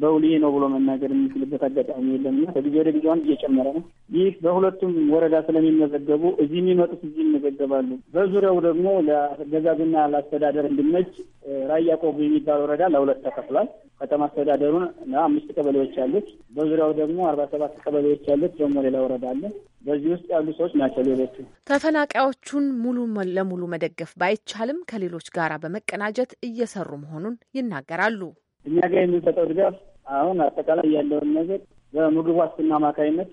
በውል ነው ብሎ መናገር የሚችልበት አጋጣሚ የለምና ከጊዜ ወደ ጊዜ እየጨመረ ነው። ይህ በሁለቱም ወረዳ ስለሚመዘገቡ እዚህ የሚመጡት እዚህ ይመዘገባሉ። በዙሪያው ደግሞ ለአገዛዝና ለአስተዳደር እንዲመች ራያ ቆቡ የሚባል ወረዳ ለሁለት ተከፍሏል። ከተማ አስተዳደሩን አምስት ቀበሌዎች አሉት። በዙሪያው ደግሞ አርባ ሰባት ቀበሌዎች አሉት። ደግሞ ሌላ ወረዳ አለ። በዚህ ውስጥ ያሉ ሰዎች ናቸው ሌሎቹ። ተፈናቃዮቹን ሙሉ ለሙሉ መደገፍ ባይቻልም ከሌሎች ጋራ በመቀናጀት እየሰሩ መሆኑን ይናገራሉ። እኛ ጋር የምንሰጠው ድጋፍ አሁን አጠቃላይ ያለውን ነገር በምግብ ዋስትና አማካኝነት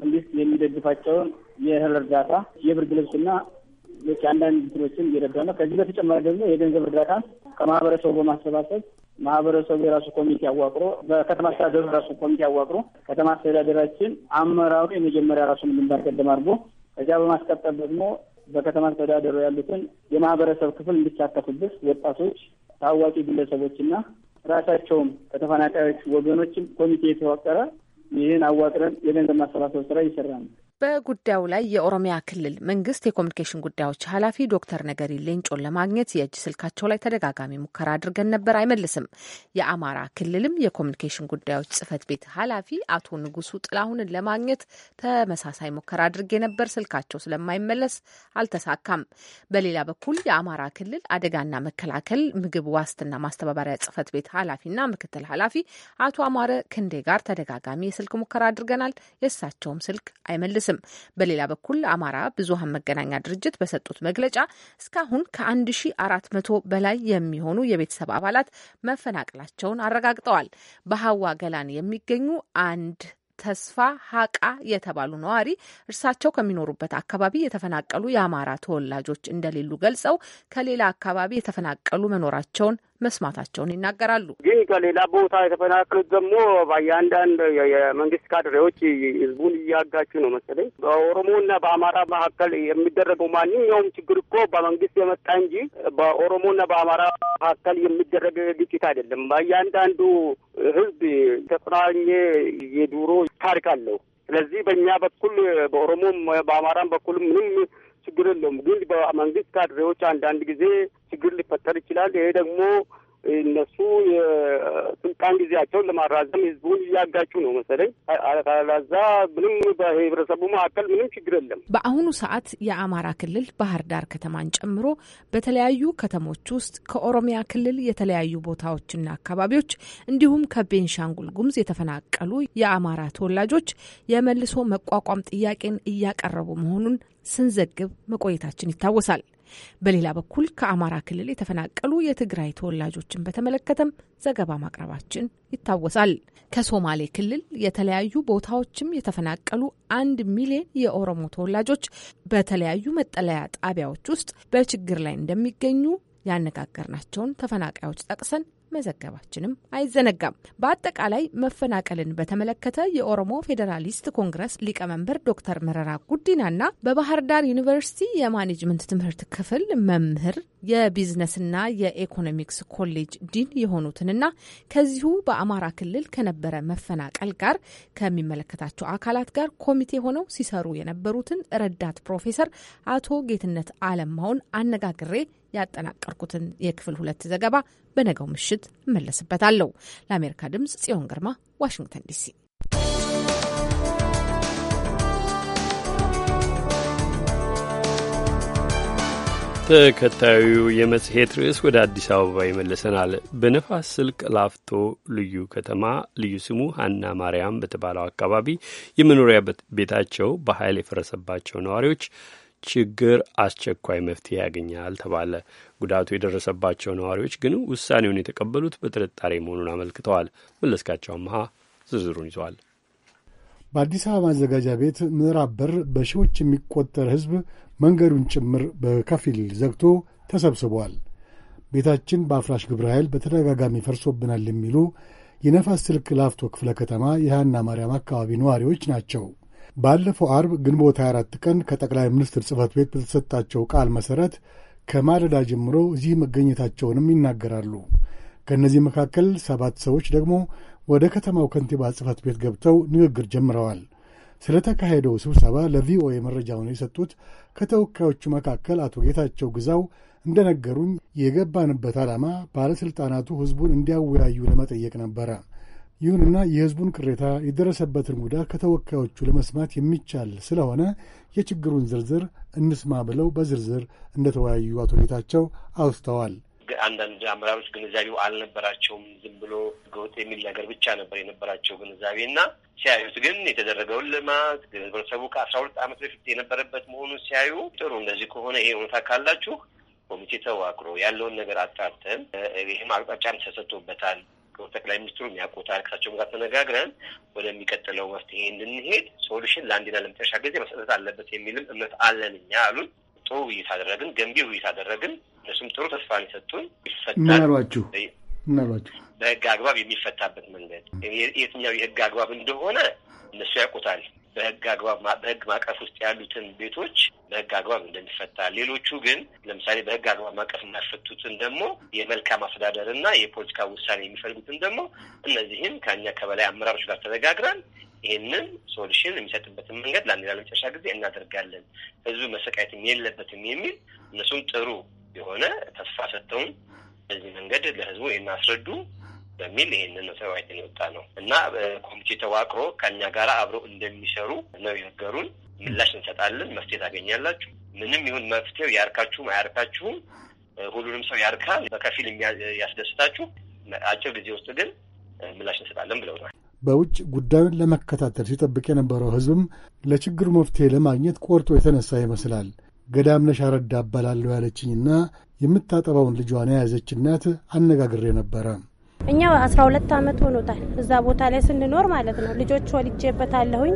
መንግስት የሚደግፋቸውን የእህል እርዳታ፣ የብርድ ልብስና አንዳንድ ትሮችን እየረዳ ነው። ከዚህ በተጨማሪ ደግሞ የገንዘብ እርዳታ ከማህበረሰቡ በማሰባሰብ ማህበረሰቡ የራሱ ኮሚቴ አዋቅሮ በከተማ አስተዳደሩ የራሱ ኮሚቴ አዋቅሮ ከተማ አስተዳደራችን አመራሩ የመጀመሪያ ራሱን ግንባር ቀደም አድርጎ ከዚያ በማስቀጠል ደግሞ በከተማ አስተዳደሩ ያሉትን የማህበረሰብ ክፍል እንዲሳተፉበት ወጣቶች፣ ታዋቂ ግለሰቦችና ራሳቸውም ከተፈናቃዮች ወገኖችም ኮሚቴ የተዋቀረ ይህን አዋቅረን የገንዘብ ማሰባሰብ ስራ እየሰራ ነው። በጉዳዩ ላይ የኦሮሚያ ክልል መንግስት የኮሚኒኬሽን ጉዳዮች ኃላፊ ዶክተር ነገሪ ሌንጮን ለማግኘት የእጅ ስልካቸው ላይ ተደጋጋሚ ሙከራ አድርገን ነበር፣ አይመልስም። የአማራ ክልልም የኮሚኒኬሽን ጉዳዮች ጽህፈት ቤት ኃላፊ አቶ ንጉሱ ጥላሁንን ለማግኘት ተመሳሳይ ሙከራ አድርጌ ነበር፣ ስልካቸው ስለማይመለስ አልተሳካም። በሌላ በኩል የአማራ ክልል አደጋና መከላከል ምግብ ዋስትና ማስተባበሪያ ጽህፈት ቤት ኃላፊና ምክትል ኃላፊ አቶ አማረ ክንዴ ጋር ተደጋጋሚ የስልክ ሙከራ አድርገናል፣ የእሳቸውም ስልክ አይመልስም። አይጠቅስም። በሌላ በኩል አማራ ብዙሀን መገናኛ ድርጅት በሰጡት መግለጫ እስካሁን ከ1400 በላይ የሚሆኑ የቤተሰብ አባላት መፈናቀላቸውን አረጋግጠዋል። በሀዋ ገላን የሚገኙ አንድ ተስፋ ሀቃ የተባሉ ነዋሪ እርሳቸው ከሚኖሩበት አካባቢ የተፈናቀሉ የአማራ ተወላጆች እንደሌሉ ገልጸው ከሌላ አካባቢ የተፈናቀሉ መኖራቸውን መስማታቸውን ይናገራሉ። ግን ከሌላ ቦታ የተፈናቀሉት ደግሞ በእያንዳንድ የመንግስት ካድሬዎች ህዝቡን እያጋጩ ነው መሰለኝ። በኦሮሞና በአማራ መካከል የሚደረገው ማንኛውም ችግር እኮ በመንግስት የመጣ እንጂ በኦሮሞና በአማራ መካከል የሚደረግ ግጭት አይደለም። በእያንዳንዱ ህዝብ ተቆራኘ የዱሮ ታሪክ አለው። ስለዚህ በእኛ በኩል በኦሮሞም በአማራም በኩል ምንም ችግር የለውም። ግን በመንግስት ካድሬዎች አንዳንድ ጊዜ ችግር ሊፈጠር ይችላል። ይሄ ደግሞ እነሱ የስልጣን ጊዜያቸውን ለማራዘም ህዝቡን እያጋጩ ነው መሰለኝ። አላዛ ምንም በህብረተሰቡ መካከል ምንም ችግር የለም። በአሁኑ ሰዓት የአማራ ክልል ባህር ዳር ከተማን ጨምሮ በተለያዩ ከተሞች ውስጥ ከኦሮሚያ ክልል የተለያዩ ቦታዎችና አካባቢዎች እንዲሁም ከቤንሻንጉል ጉምዝ የተፈናቀሉ የአማራ ተወላጆች የመልሶ መቋቋም ጥያቄን እያቀረቡ መሆኑን ስንዘግብ መቆየታችን ይታወሳል። በሌላ በኩል ከአማራ ክልል የተፈናቀሉ የትግራይ ተወላጆችን በተመለከተም ዘገባ ማቅረባችን ይታወሳል። ከሶማሌ ክልል የተለያዩ ቦታዎችም የተፈናቀሉ አንድ ሚሊዮን የኦሮሞ ተወላጆች በተለያዩ መጠለያ ጣቢያዎች ውስጥ በችግር ላይ እንደሚገኙ ያነጋገርናቸውን ተፈናቃዮች ጠቅሰን መዘገባችንም አይዘነጋም። በአጠቃላይ መፈናቀልን በተመለከተ የኦሮሞ ፌዴራሊስት ኮንግረስ ሊቀመንበር ዶክተር መረራ ጉዲናና በባህር ዳር ዩኒቨርሲቲ የማኔጅመንት ትምህርት ክፍል መምህር የቢዝነስና የኢኮኖሚክስ ኮሌጅ ዲን የሆኑትንና ከዚሁ በአማራ ክልል ከነበረ መፈናቀል ጋር ከሚመለከታቸው አካላት ጋር ኮሚቴ ሆነው ሲሰሩ የነበሩትን ረዳት ፕሮፌሰር አቶ ጌትነት አለማውን አነጋግሬ ያጠናቀርኩትን የክፍል ሁለት ዘገባ በነገው ምሽት እመለስበታለሁ። ለአሜሪካ ድምጽ ጽዮን ግርማ፣ ዋሽንግተን ዲሲ። ተከታዩ የመጽሔት ርዕስ ወደ አዲስ አበባ ይመልሰናል። በነፋስ ስልክ ላፍቶ ልዩ ከተማ ልዩ ስሙ ሀና ማርያም በተባለው አካባቢ የመኖሪያ ቤታቸው በኃይል የፈረሰባቸው ነዋሪዎች ችግር አስቸኳይ መፍትሄ ያገኛል ተባለ። ጉዳቱ የደረሰባቸው ነዋሪዎች ግን ውሳኔውን የተቀበሉት በጥርጣሬ መሆኑን አመልክተዋል። መለስካቸው አመሃ ዝርዝሩን ይዘዋል። በአዲስ አበባ ማዘጋጃ ቤት ምዕራብ በር በሺዎች የሚቆጠር ሕዝብ መንገዱን ጭምር በከፊል ዘግቶ ተሰብስቧል። ቤታችን በአፍራሽ ግብረ ኃይል በተደጋጋሚ ፈርሶብናል የሚሉ የነፋስ ስልክ ላፍቶ ክፍለ ከተማ የሃና ማርያም አካባቢ ነዋሪዎች ናቸው። ባለፈው አርብ ግንቦት 24 ቀን ከጠቅላይ ሚኒስትር ጽህፈት ቤት በተሰጣቸው ቃል መሠረት ከማለዳ ጀምሮ እዚህ መገኘታቸውንም ይናገራሉ። ከእነዚህ መካከል ሰባት ሰዎች ደግሞ ወደ ከተማው ከንቲባ ጽህፈት ቤት ገብተው ንግግር ጀምረዋል። ስለተካሄደው ስብሰባ ለቪኦኤ መረጃውን የሰጡት ከተወካዮቹ መካከል አቶ ጌታቸው ግዛው እንደነገሩኝ የገባንበት ዓላማ ባለሥልጣናቱ ሕዝቡን እንዲያወያዩ ለመጠየቅ ነበረ። ይሁንና የሕዝቡን ቅሬታ፣ የደረሰበትን ጉዳት ከተወካዮቹ ለመስማት የሚቻል ስለሆነ የችግሩን ዝርዝር እንስማ ብለው በዝርዝር እንደተወያዩ አቶ ጌታቸው አውስተዋል። አንዳንድ አመራሮች ግንዛቤው አልነበራቸውም። ዝም ብሎ ህገወጥ የሚል ነገር ብቻ ነበር የነበራቸው ግንዛቤ እና ሲያዩት ግን የተደረገውን ልማት ህብረተሰቡ ከአስራ ሁለት ዓመት በፊት የነበረበት መሆኑን ሲያዩ ጥሩ እንደዚህ ከሆነ ይሄ እውነታ ካላችሁ ኮሚቴ ተዋቅሮ ያለውን ነገር አጣርተን ይህም አቅጣጫም ተሰጥቶበታል ጠቅላይ ሚኒስትሩ ያውቁታል። ከእሳቸውም ጋር ተነጋግረን ወደሚቀጥለው መፍትሄ እንድንሄድ ሶሉሽን ለአንዴና ለመጨረሻ ጊዜ መሰጠት አለበት የሚልም እምነት አለን እኛ አሉን። ጥሩ ውይይት አደረግን፣ ገንቢ ውይይት አደረግን። እነሱም ጥሩ ተስፋን የሰጡን ይፈታልናሏችሁ ምናልባቸው በህግ አግባብ የሚፈታበት መንገድ የትኛው የህግ አግባብ እንደሆነ እነሱ ያውቁታል። በህግ አግባብ በህግ ማዕቀፍ ውስጥ ያሉትን ቤቶች በህግ አግባብ እንደሚፈታ፣ ሌሎቹ ግን ለምሳሌ በህግ አግባብ ማዕቀፍ የማይፈቱትን ደግሞ የመልካም አስተዳደር እና የፖለቲካ ውሳኔ የሚፈልጉትን ደግሞ እነዚህም ከኛ ከበላይ አመራሮች ጋር ተነጋግረን ይህንን ሶሉሽን የሚሰጥበትን መንገድ ለአንዴና ለመጨረሻ ጊዜ እናደርጋለን፣ ህዝቡ መሰቃየትም የለበትም የሚል እነሱም ጥሩ የሆነ ተስፋ ሰጥተውን በዚህ መንገድ ለህዝቡ ይህን አስረዱ በሚል ይህንን ሰባይትን የወጣ ነው እና ኮሚቴ ተዋቅሮ ከኛ ጋር አብረው እንደሚሰሩ ነው የነገሩን። ምላሽ እንሰጣለን፣ መፍትሄ ታገኛላችሁ። ምንም ይሁን መፍትሄው ያርካችሁም አያርካችሁም ሁሉንም ሰው ያርካል፣ በከፊል ያስደስታችሁ። አጭር ጊዜ ውስጥ ግን ምላሽ እንሰጣለን ብለውናል። በውጭ ጉዳዩን ለመከታተል ሲጠብቅ የነበረው ህዝብም ለችግሩ መፍትሄ ለማግኘት ቆርጦ የተነሳ ይመስላል። ገዳምነሽ አረዳ እባላለሁ ያለችኝና የምታጠባውን ልጇን የያዘች እናት አነጋግሬ ነበረ። እኛ አስራ ሁለት አመት ሆኖታል እዛ ቦታ ላይ ስንኖር ማለት ነው። ልጆች ወልጄበታለሁኝ።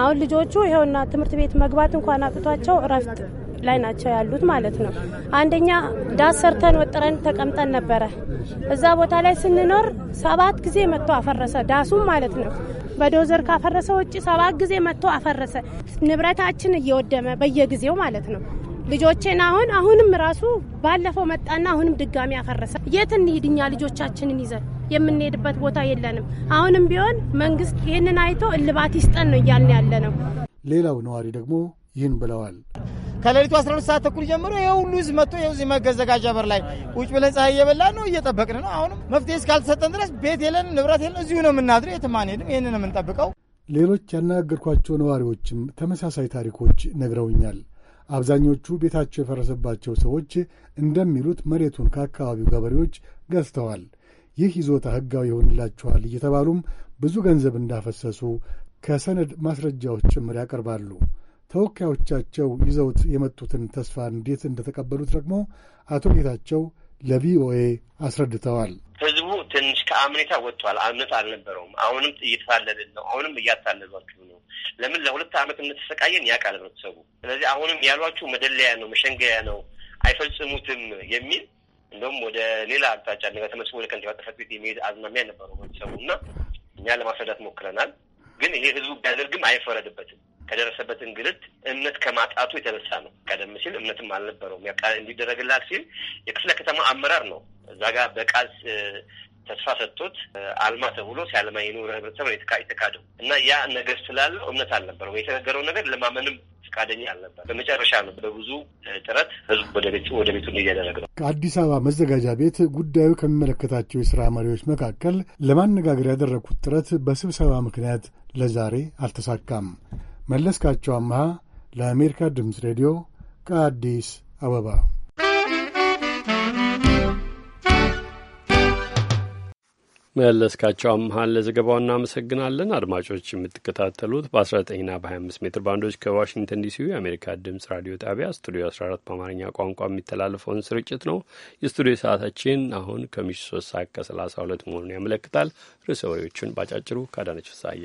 አሁን ልጆቹ ይኸውና ትምህርት ቤት መግባት እንኳን አቅቷቸው እረፍት ላይ ናቸው ያሉት ማለት ነው። አንደኛ ዳስ ሰርተን ወጥረን ተቀምጠን ነበረ። እዛ ቦታ ላይ ስንኖር ሰባት ጊዜ መጥቶ አፈረሰ፣ ዳሱም ማለት ነው። በዶዘር ካፈረሰ ውጭ ሰባት ጊዜ መጥቶ አፈረሰ። ንብረታችን እየወደመ በየጊዜው ማለት ነው። ልጆቼን አሁን አሁንም ራሱ ባለፈው መጣና አሁንም ድጋሚ አፈረሰ። የት እንሂድ ልጆቻችንን ይዘን የምንሄድበት ቦታ የለንም። አሁንም ቢሆን መንግስት ይህንን አይቶ እልባት ይስጠን ነው እያልን ያለ ነው። ሌላው ነዋሪ ደግሞ ይህን ብለዋል። ከሌሊቱ 12 ሰዓት ተኩል ጀምሮ ይኸው ሁሉ ህዝብ መጥቶ ይኸው እዚህ መገዘጋጃ በር ላይ ውጭ ብለን ፀሐይ እየበላን ነው፣ እየጠበቅን ነው። አሁንም መፍትሄ እስካልተሰጠን ድረስ ቤት የለን፣ ንብረት የለን፣ እዚሁ ነው የምናድረው፣ የትም አንሄድም። ይህንን የምንጠብቀው ሌሎች ያነጋገርኳቸው ነዋሪዎችም ተመሳሳይ ታሪኮች ነግረውኛል። አብዛኞቹ ቤታቸው የፈረሰባቸው ሰዎች እንደሚሉት መሬቱን ከአካባቢው ገበሬዎች ገዝተዋል። ይህ ይዞታ ሕጋዊ ይሆንላችኋል እየተባሉም ብዙ ገንዘብ እንዳፈሰሱ ከሰነድ ማስረጃዎች ጭምር ያቀርባሉ። ተወካዮቻቸው ይዘውት የመጡትን ተስፋ እንዴት እንደተቀበሉት ደግሞ አቶ ጌታቸው ለቪኦኤ አስረድተዋል። ህዝቡ ትንሽ ከአምኔታ ወጥቷል። እምነት አልነበረውም። አሁንም እየተታለልን ነው። አሁንም እያታለሏችሁ ነው። ለምን ለሁለት ዓመት እንደተሰቃየን ያውቃል ህብረተሰቡ። ስለዚህ አሁንም ያሏችሁ መደለያ ነው፣ መሸንገያ ነው፣ አይፈጽሙትም የሚል እንደውም ወደ ሌላ አቅጣጫ ተመስቦ ወደ ከንቲባ ጽሕፈት ቤት የሚሄድ አዝማሚያ ነበረው ህብረተሰቡ እና እኛ ለማስረዳት ሞክረናል። ግን ይሄ ህዝቡ ቢያደርግም አይፈረድበትም ከደረሰበት እንግልት እምነት ከማጣቱ የተነሳ ነው። ቀደም ሲል እምነትም አልነበረውም። እንዲደረግላት ሲል የክፍለ ከተማ አመራር ነው እዛ ጋር በቃል ተስፋ ሰጥቶት አልማ ተብሎ ሲያልማ የኖረ ህብረተሰብ ነው የተካደው እና ያ ነገር ስላለ እምነት አልነበረው። የተነገረው ነገር ለማመንም ፈቃደኛ አልነበር። በመጨረሻ ነው በብዙ ጥረት ህዝብ ወደ ቤቱ ወደ ቤቱ እያደረግ ነው። ከአዲስ አበባ መዘጋጃ ቤት ጉዳዩ ከሚመለከታቸው የስራ መሪዎች መካከል ለማነጋገር ያደረግኩት ጥረት በስብሰባ ምክንያት ለዛሬ አልተሳካም። መለስካቸው አምሃ ለአሜሪካ ድምፅ ሬዲዮ ከአዲስ አበባ መለስካቸው አምሃን ለዘገባው እናመሰግናለን። አድማጮች የምትከታተሉት በ19ና በ25 ሜትር ባንዶች ከዋሽንግተን ዲሲ የአሜሪካ ድምጽ ራዲዮ ጣቢያ ስቱዲዮ 14 በአማርኛ ቋንቋ የሚተላለፈውን ስርጭት ነው። የስቱዲዮ ሰዓታችን አሁን ከምሽቱ 3 ሰዓት ከ32 መሆኑን ያመለክታል። ርዕሰ ወሬዎቹን ባጫጭሩ ካዳነች ሳየ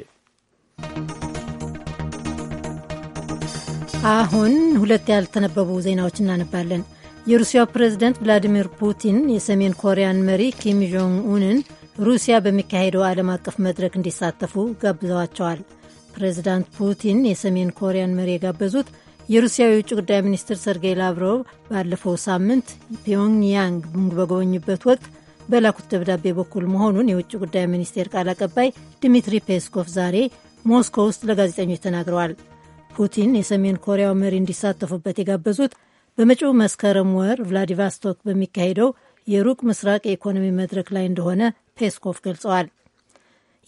አሁን ሁለት ያልተነበቡ ዜናዎች እናነባለን። የሩሲያው ፕሬዝደንት ቭላዲሚር ፑቲን የሰሜን ኮሪያን መሪ ኪም ጆንግ ኡንን ሩሲያ በሚካሄደው ዓለም አቀፍ መድረክ እንዲሳተፉ ጋብዘዋቸዋል። ፕሬዚዳንት ፑቲን የሰሜን ኮሪያን መሪ የጋበዙት የሩሲያ የውጭ ጉዳይ ሚኒስትር ሰርጌይ ላቭሮቭ ባለፈው ሳምንት ፒዮንግያንግ በጎበኙበት ወቅት በላኩት ደብዳቤ በኩል መሆኑን የውጭ ጉዳይ ሚኒስቴር ቃል አቀባይ ድሚትሪ ፔስኮቭ ዛሬ ሞስኮ ውስጥ ለጋዜጠኞች ተናግረዋል። ፑቲን የሰሜን ኮሪያው መሪ እንዲሳተፉበት የጋበዙት በመጪው መስከረም ወር ቭላዲቫስቶክ በሚካሄደው የሩቅ ምስራቅ የኢኮኖሚ መድረክ ላይ እንደሆነ ፔስኮቭ ገልጸዋል።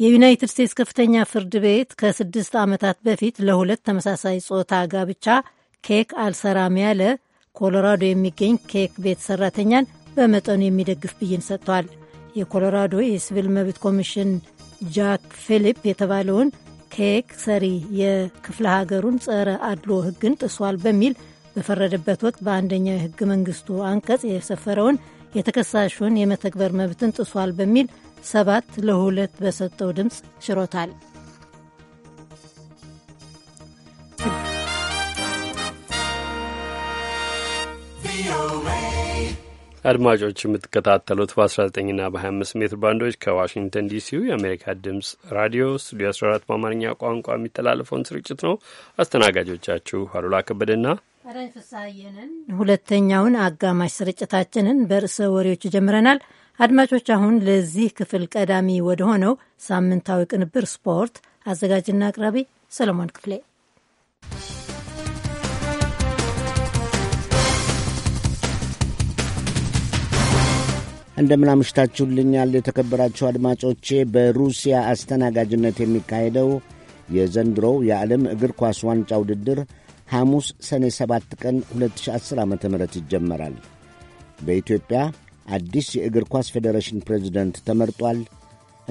የዩናይትድ ስቴትስ ከፍተኛ ፍርድ ቤት ከስድስት ዓመታት በፊት ለሁለት ተመሳሳይ ጾታ ጋብቻ ኬክ አልሰራም ያለ ኮሎራዶ የሚገኝ ኬክ ቤት ሰራተኛን በመጠኑ የሚደግፍ ብይን ሰጥቷል። የኮሎራዶ የሲቪል መብት ኮሚሽን ጃክ ፊሊፕ የተባለውን ኬክ ሰሪ የክፍለ ሀገሩን ጸረ አድሎ ሕግን ጥሷል በሚል በፈረደበት ወቅት በአንደኛው የሕገ መንግስቱ አንቀጽ የሰፈረውን የተከሳሹን የመተግበር መብትን ጥሷል በሚል ሰባት ለሁለት በሰጠው ድምፅ ሽሮታል። አድማጮች የምትከታተሉት በ19ና በ25 ሜትር ባንዶች ከዋሽንግተን ዲሲው የአሜሪካ ድምፅ ራዲዮ ስቱዲዮ 14 በአማርኛ ቋንቋ የሚተላለፈውን ስርጭት ነው። አስተናጋጆቻችሁ አሉላ ከበደና ሁለተኛውን አጋማሽ ስርጭታችንን በርዕሰ ወሬዎች ጀምረናል። አድማጮች፣ አሁን ለዚህ ክፍል ቀዳሚ ወደ ሆነው ሳምንታዊ ቅንብር ስፖርት፣ አዘጋጅና አቅራቢ ሰለሞን ክፍሌ። እንደምናምሽታችሁልኛል የተከበራችሁ አድማጮቼ። በሩሲያ አስተናጋጅነት የሚካሄደው የዘንድሮው የዓለም እግር ኳስ ዋንጫ ውድድር ሐሙስ ሰኔ 7 ቀን 2010 ዓ ም ይጀመራል። በኢትዮጵያ አዲስ የእግር ኳስ ፌዴሬሽን ፕሬዚደንት ተመርጧል።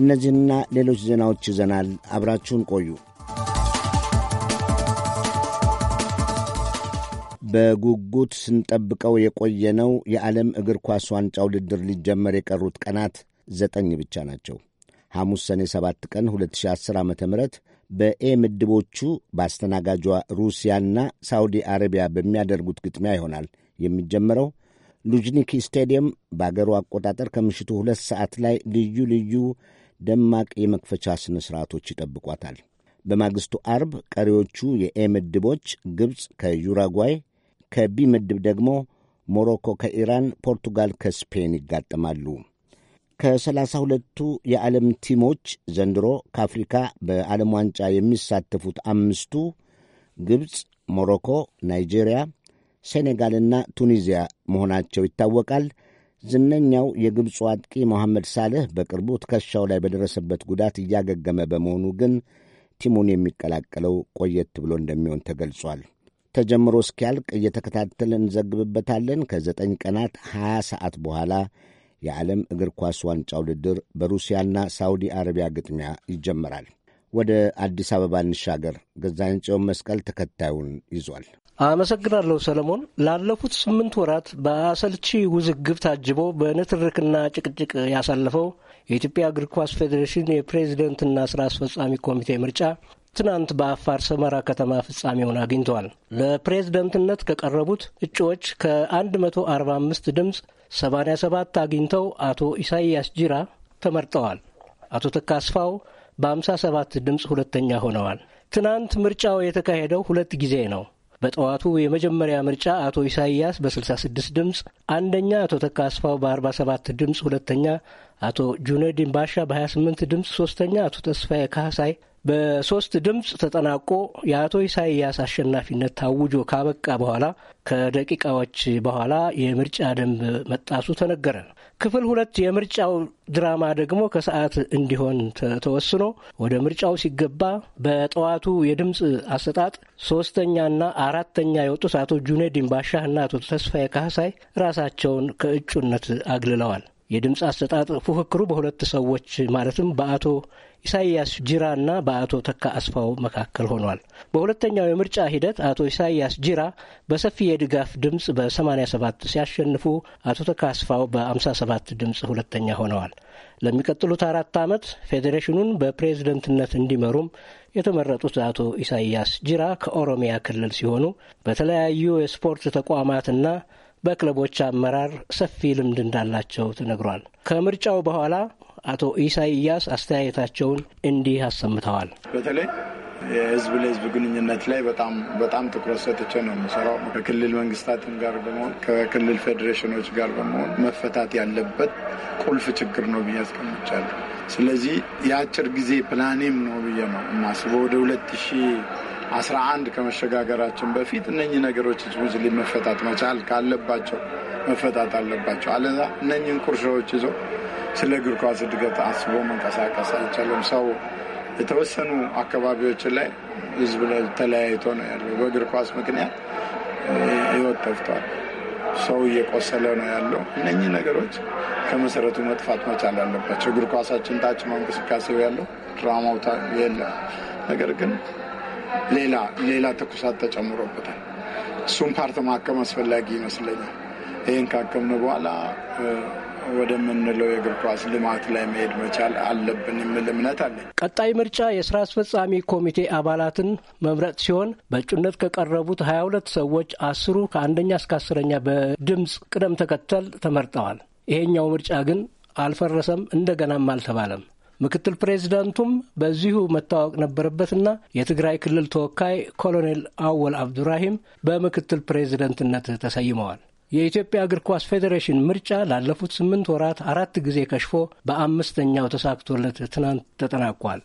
እነዚህና ሌሎች ዜናዎች ይዘናል። አብራችሁን ቆዩ። በጉጉት ስንጠብቀው የቆየነው የዓለም እግር ኳስ ዋንጫ ውድድር ሊጀመር የቀሩት ቀናት ዘጠኝ ብቻ ናቸው። ሐሙስ ሰኔ 7 ቀን 2010 ዓ ም በኤ ምድቦቹ በአስተናጋጇ ሩሲያና ሳውዲ አረቢያ በሚያደርጉት ግጥሚያ ይሆናል የሚጀመረው። ሉጅኒኪ ስቴዲየም በአገሩ አቆጣጠር ከምሽቱ ሁለት ሰዓት ላይ ልዩ ልዩ ደማቅ የመክፈቻ ሥነ ሥርዓቶች ይጠብቋታል። በማግስቱ አርብ ቀሪዎቹ የኤ ምድቦች ግብፅ ከዩራጓይ፣ ከቢ ምድብ ደግሞ ሞሮኮ ከኢራን፣ ፖርቱጋል ከስፔን ይጋጠማሉ። ከሰላሳ ሁለቱ የዓለም ቲሞች ዘንድሮ ከአፍሪካ በዓለም ዋንጫ የሚሳተፉት አምስቱ ግብፅ፣ ሞሮኮ፣ ናይጄሪያ፣ ሴኔጋልና ቱኒዚያ መሆናቸው ይታወቃል። ዝነኛው የግብፁ አጥቂ መሐመድ ሳልህ በቅርቡ ትከሻው ላይ በደረሰበት ጉዳት እያገገመ በመሆኑ ግን ቲሙን የሚቀላቀለው ቆየት ብሎ እንደሚሆን ተገልጿል። ተጀምሮ እስኪያልቅ እየተከታተልን እንዘግብበታለን። ከዘጠኝ ቀናት 20 ሰዓት በኋላ የዓለም እግር ኳስ ዋንጫ ውድድር በሩሲያና ሳውዲ አረቢያ ግጥሚያ ይጀመራል። ወደ አዲስ አበባ እንሻገር። ገዛኸኝ ጽዮን መስቀል ተከታዩን ይዟል። አመሰግናለሁ ሰለሞን። ላለፉት ስምንት ወራት በአሰልቺ ውዝግብ ታጅቦ በንትርክና ጭቅጭቅ ያሳለፈው የኢትዮጵያ እግር ኳስ ፌዴሬሽን የፕሬዝደንትና ስራ አስፈጻሚ ኮሚቴ ምርጫ ትናንት በአፋር ሰመራ ከተማ ፍጻሜውን አግኝተዋል። ለፕሬዝደንትነት ከቀረቡት እጩዎች ከ145 ድምፅ 87 አግኝተው አቶ ኢሳይያስ ጅራ ተመርጠዋል። አቶ ተካስፋው በ57 ድምፅ ሁለተኛ ሆነዋል። ትናንት ምርጫው የተካሄደው ሁለት ጊዜ ነው። በጠዋቱ የመጀመሪያ ምርጫ አቶ ኢሳይያስ በ66 ድምፅ አንደኛ፣ አቶ ተካ አስፋው በ47 ድምፅ ሁለተኛ፣ አቶ ጁነዲን ባሻ በ28 ድምፅ ሶስተኛ፣ አቶ ተስፋዬ ካህሳይ በሶስት ድምፅ ተጠናቆ የአቶ ኢሳይያስ አሸናፊነት ታውጆ ካበቃ በኋላ ከደቂቃዎች በኋላ የምርጫ ደንብ መጣሱ ተነገረ። ክፍል ሁለት የምርጫው ድራማ ደግሞ ከሰዓት እንዲሆን ተወስኖ ወደ ምርጫው ሲገባ በጠዋቱ የድምፅ አሰጣጥ ሶስተኛና አራተኛ የወጡት አቶ ጁኔዲን ባሻህና አቶ ተስፋዬ ካህሳይ ራሳቸውን ከእጩነት አግልለዋል። የድምፅ አሰጣጥ ፉክክሩ በሁለት ሰዎች ማለትም በአቶ ኢሳይያስ ጅራ እና በአቶ ተካ አስፋው መካከል ሆኗል። በሁለተኛው የምርጫ ሂደት አቶ ኢሳይያስ ጅራ በሰፊ የድጋፍ ድምፅ በ87 ሲያሸንፉ አቶ ተካ አስፋው በ57 ድምፅ ሁለተኛ ሆነዋል። ለሚቀጥሉት አራት ዓመት ፌዴሬሽኑን በፕሬዝደንትነት እንዲመሩም የተመረጡት አቶ ኢሳይያስ ጅራ ከኦሮሚያ ክልል ሲሆኑ በተለያዩ የስፖርት ተቋማትና በክለቦች አመራር ሰፊ ልምድ እንዳላቸው ተነግሯል። ከምርጫው በኋላ አቶ ኢሳይያስ አስተያየታቸውን እንዲህ አሰምተዋል። በተለይ የህዝብ ለህዝብ ግንኙነት ላይ በጣም በጣም ትኩረት ሰጥቼ ነው የምሰራው። ከክልል መንግስታትም ጋር በመሆን ከክልል ፌዴሬሽኖች ጋር በመሆን መፈታት ያለበት ቁልፍ ችግር ነው ብዬ አስቀምጫለሁ። ስለዚህ የአጭር ጊዜ ፕላኔም ነው ብዬ ነው የማስበው ወደ ሁለት ሺህ 11 ከመሸጋገራችን በፊት እነኚህ ነገሮች ህዝቡ መፈታት መቻል ካለባቸው መፈታት አለባቸው። አለዛ እነኚህን ቁርሾዎች ይዞ ስለ እግር ኳስ እድገት አስቦ መንቀሳቀስ አይቻልም። ሰው የተወሰኑ አካባቢዎች ላይ ህዝብ ተለያይቶ ነው ያለው። በእግር ኳስ ምክንያት ህይወት ጠፍቷል። ሰው እየቆሰለ ነው ያለው። እነኚህ ነገሮች ከመሰረቱ መጥፋት መቻል አለባቸው። እግር ኳሳችን ታች እንቅስቃሴው ያለው ድራማው የለም። ነገር ግን ሌላ ሌላ ትኩሳት ተጨምሮበታል። እሱም ፓርት ማከም አስፈላጊ ይመስለኛል። ይህን ካከምን በኋላ ወደምንለው የእግር ኳስ ልማት ላይ መሄድ መቻል አለብን የሚል እምነት አለ። ቀጣይ ምርጫ የስራ አስፈጻሚ ኮሚቴ አባላትን መምረጥ ሲሆን በእጩነት ከቀረቡት ሀያ ሁለት ሰዎች አስሩ ከአንደኛ እስከ አስረኛ በድምፅ ቅደም ተከተል ተመርጠዋል። ይሄኛው ምርጫ ግን አልፈረሰም፣ እንደገናም አልተባለም። ምክትል ፕሬዚዳንቱም በዚሁ መታወቅ ነበረበትና የትግራይ ክልል ተወካይ ኮሎኔል አወል አብዱራሂም በምክትል ፕሬዚደንትነት ተሰይመዋል። የኢትዮጵያ እግር ኳስ ፌዴሬሽን ምርጫ ላለፉት ስምንት ወራት አራት ጊዜ ከሽፎ በአምስተኛው ተሳክቶለት ትናንት ተጠናቋል።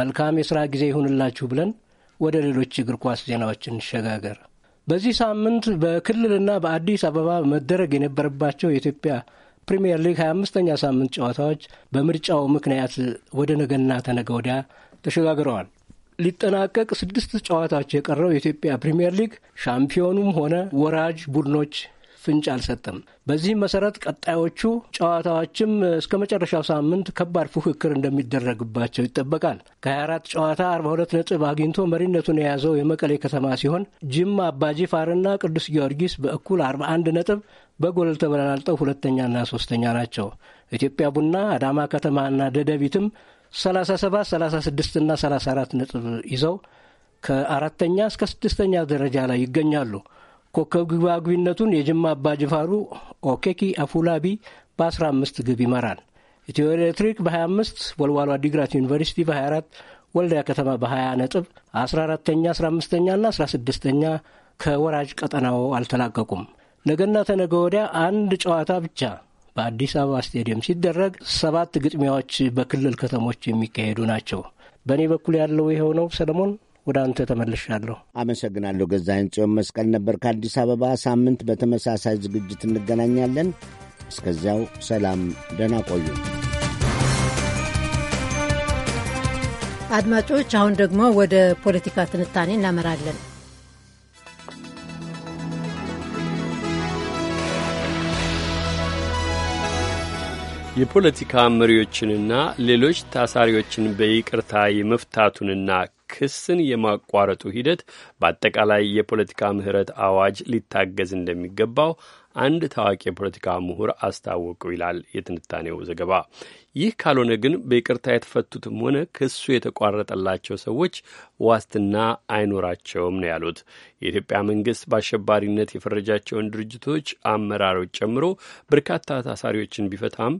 መልካም የሥራ ጊዜ ይሁንላችሁ ብለን ወደ ሌሎች እግር ኳስ ዜናዎች እንሸጋገር። በዚህ ሳምንት በክልልና በአዲስ አበባ መደረግ የነበረባቸው የኢትዮጵያ ፕሪምየር ሊግ ሀያ አምስተኛ ሳምንት ጨዋታዎች በምርጫው ምክንያት ወደ ነገና ተነገ ወዲያ ተሸጋግረዋል። ሊጠናቀቅ ስድስት ጨዋታዎች የቀረው የኢትዮጵያ ፕሪምየር ሊግ ሻምፒዮኑም ሆነ ወራጅ ቡድኖች ፍንጭ አልሰጠም። በዚህም መሰረት ቀጣዮቹ ጨዋታዎችም እስከ መጨረሻው ሳምንት ከባድ ፉክክር እንደሚደረግባቸው ይጠበቃል። ከ24 ጨዋታ 42 ነጥብ አግኝቶ መሪነቱን የያዘው የመቀሌ ከተማ ሲሆን ጅማ አባጂፋርና ቅዱስ ጊዮርጊስ በእኩል 41 ነጥብ በጎል ተበላልጠው ሁለተኛና ሶስተኛ ናቸው። ኢትዮጵያ ቡና፣ አዳማ ከተማና ደደቢትም 37፣ 36 እና 34 ነጥብ ይዘው ከአራተኛ እስከ ስድስተኛ ደረጃ ላይ ይገኛሉ። ኮከብ ግባግቢነቱን የጅማ ጅፋሩ ኦኬኪ አፉላቢ በ15 ግብ ይመራል። ኢትዮ ኤሌክትሪክ በ25 ወልዋሎ አዲግራት ዩኒቨርሲቲ በ24 ወልዳ ከተማ በ20 ነጥብ 14ተኛ፣ 15 ና 16ተኛ ከወራጅ ቀጠናው አልተላቀቁም። ነገና ተነገ ወዲያ አንድ ጨዋታ ብቻ በአዲስ አበባ ስቴዲየም ሲደረግ ሰባት ግጥሚያዎች በክልል ከተሞች የሚካሄዱ ናቸው። በእኔ በኩል ያለው ይኸው ነው። ሰለሞን ወደ አንተ ተመልሻለሁ። አመሰግናለሁ። ገዛኸኝ ጽዮን መስቀል ነበር ከአዲስ አበባ። ሳምንት በተመሳሳይ ዝግጅት እንገናኛለን። እስከዚያው ሰላም፣ ደህና ቆዩ አድማጮች። አሁን ደግሞ ወደ ፖለቲካ ትንታኔ እናመራለን። የፖለቲካ መሪዎችንና ሌሎች ታሳሪዎችን በይቅርታ የመፍታቱንና ክስን የማቋረጡ ሂደት በአጠቃላይ የፖለቲካ ምህረት አዋጅ ሊታገዝ እንደሚገባው አንድ ታዋቂ የፖለቲካ ምሁር አስታወቁ ይላል የትንታኔው ዘገባ። ይህ ካልሆነ ግን በይቅርታ የተፈቱትም ሆነ ክሱ የተቋረጠላቸው ሰዎች ዋስትና አይኖራቸውም ነው ያሉት። የኢትዮጵያ መንግስት በአሸባሪነት የፈረጃቸውን ድርጅቶች አመራሮች ጨምሮ በርካታ ታሳሪዎችን ቢፈታም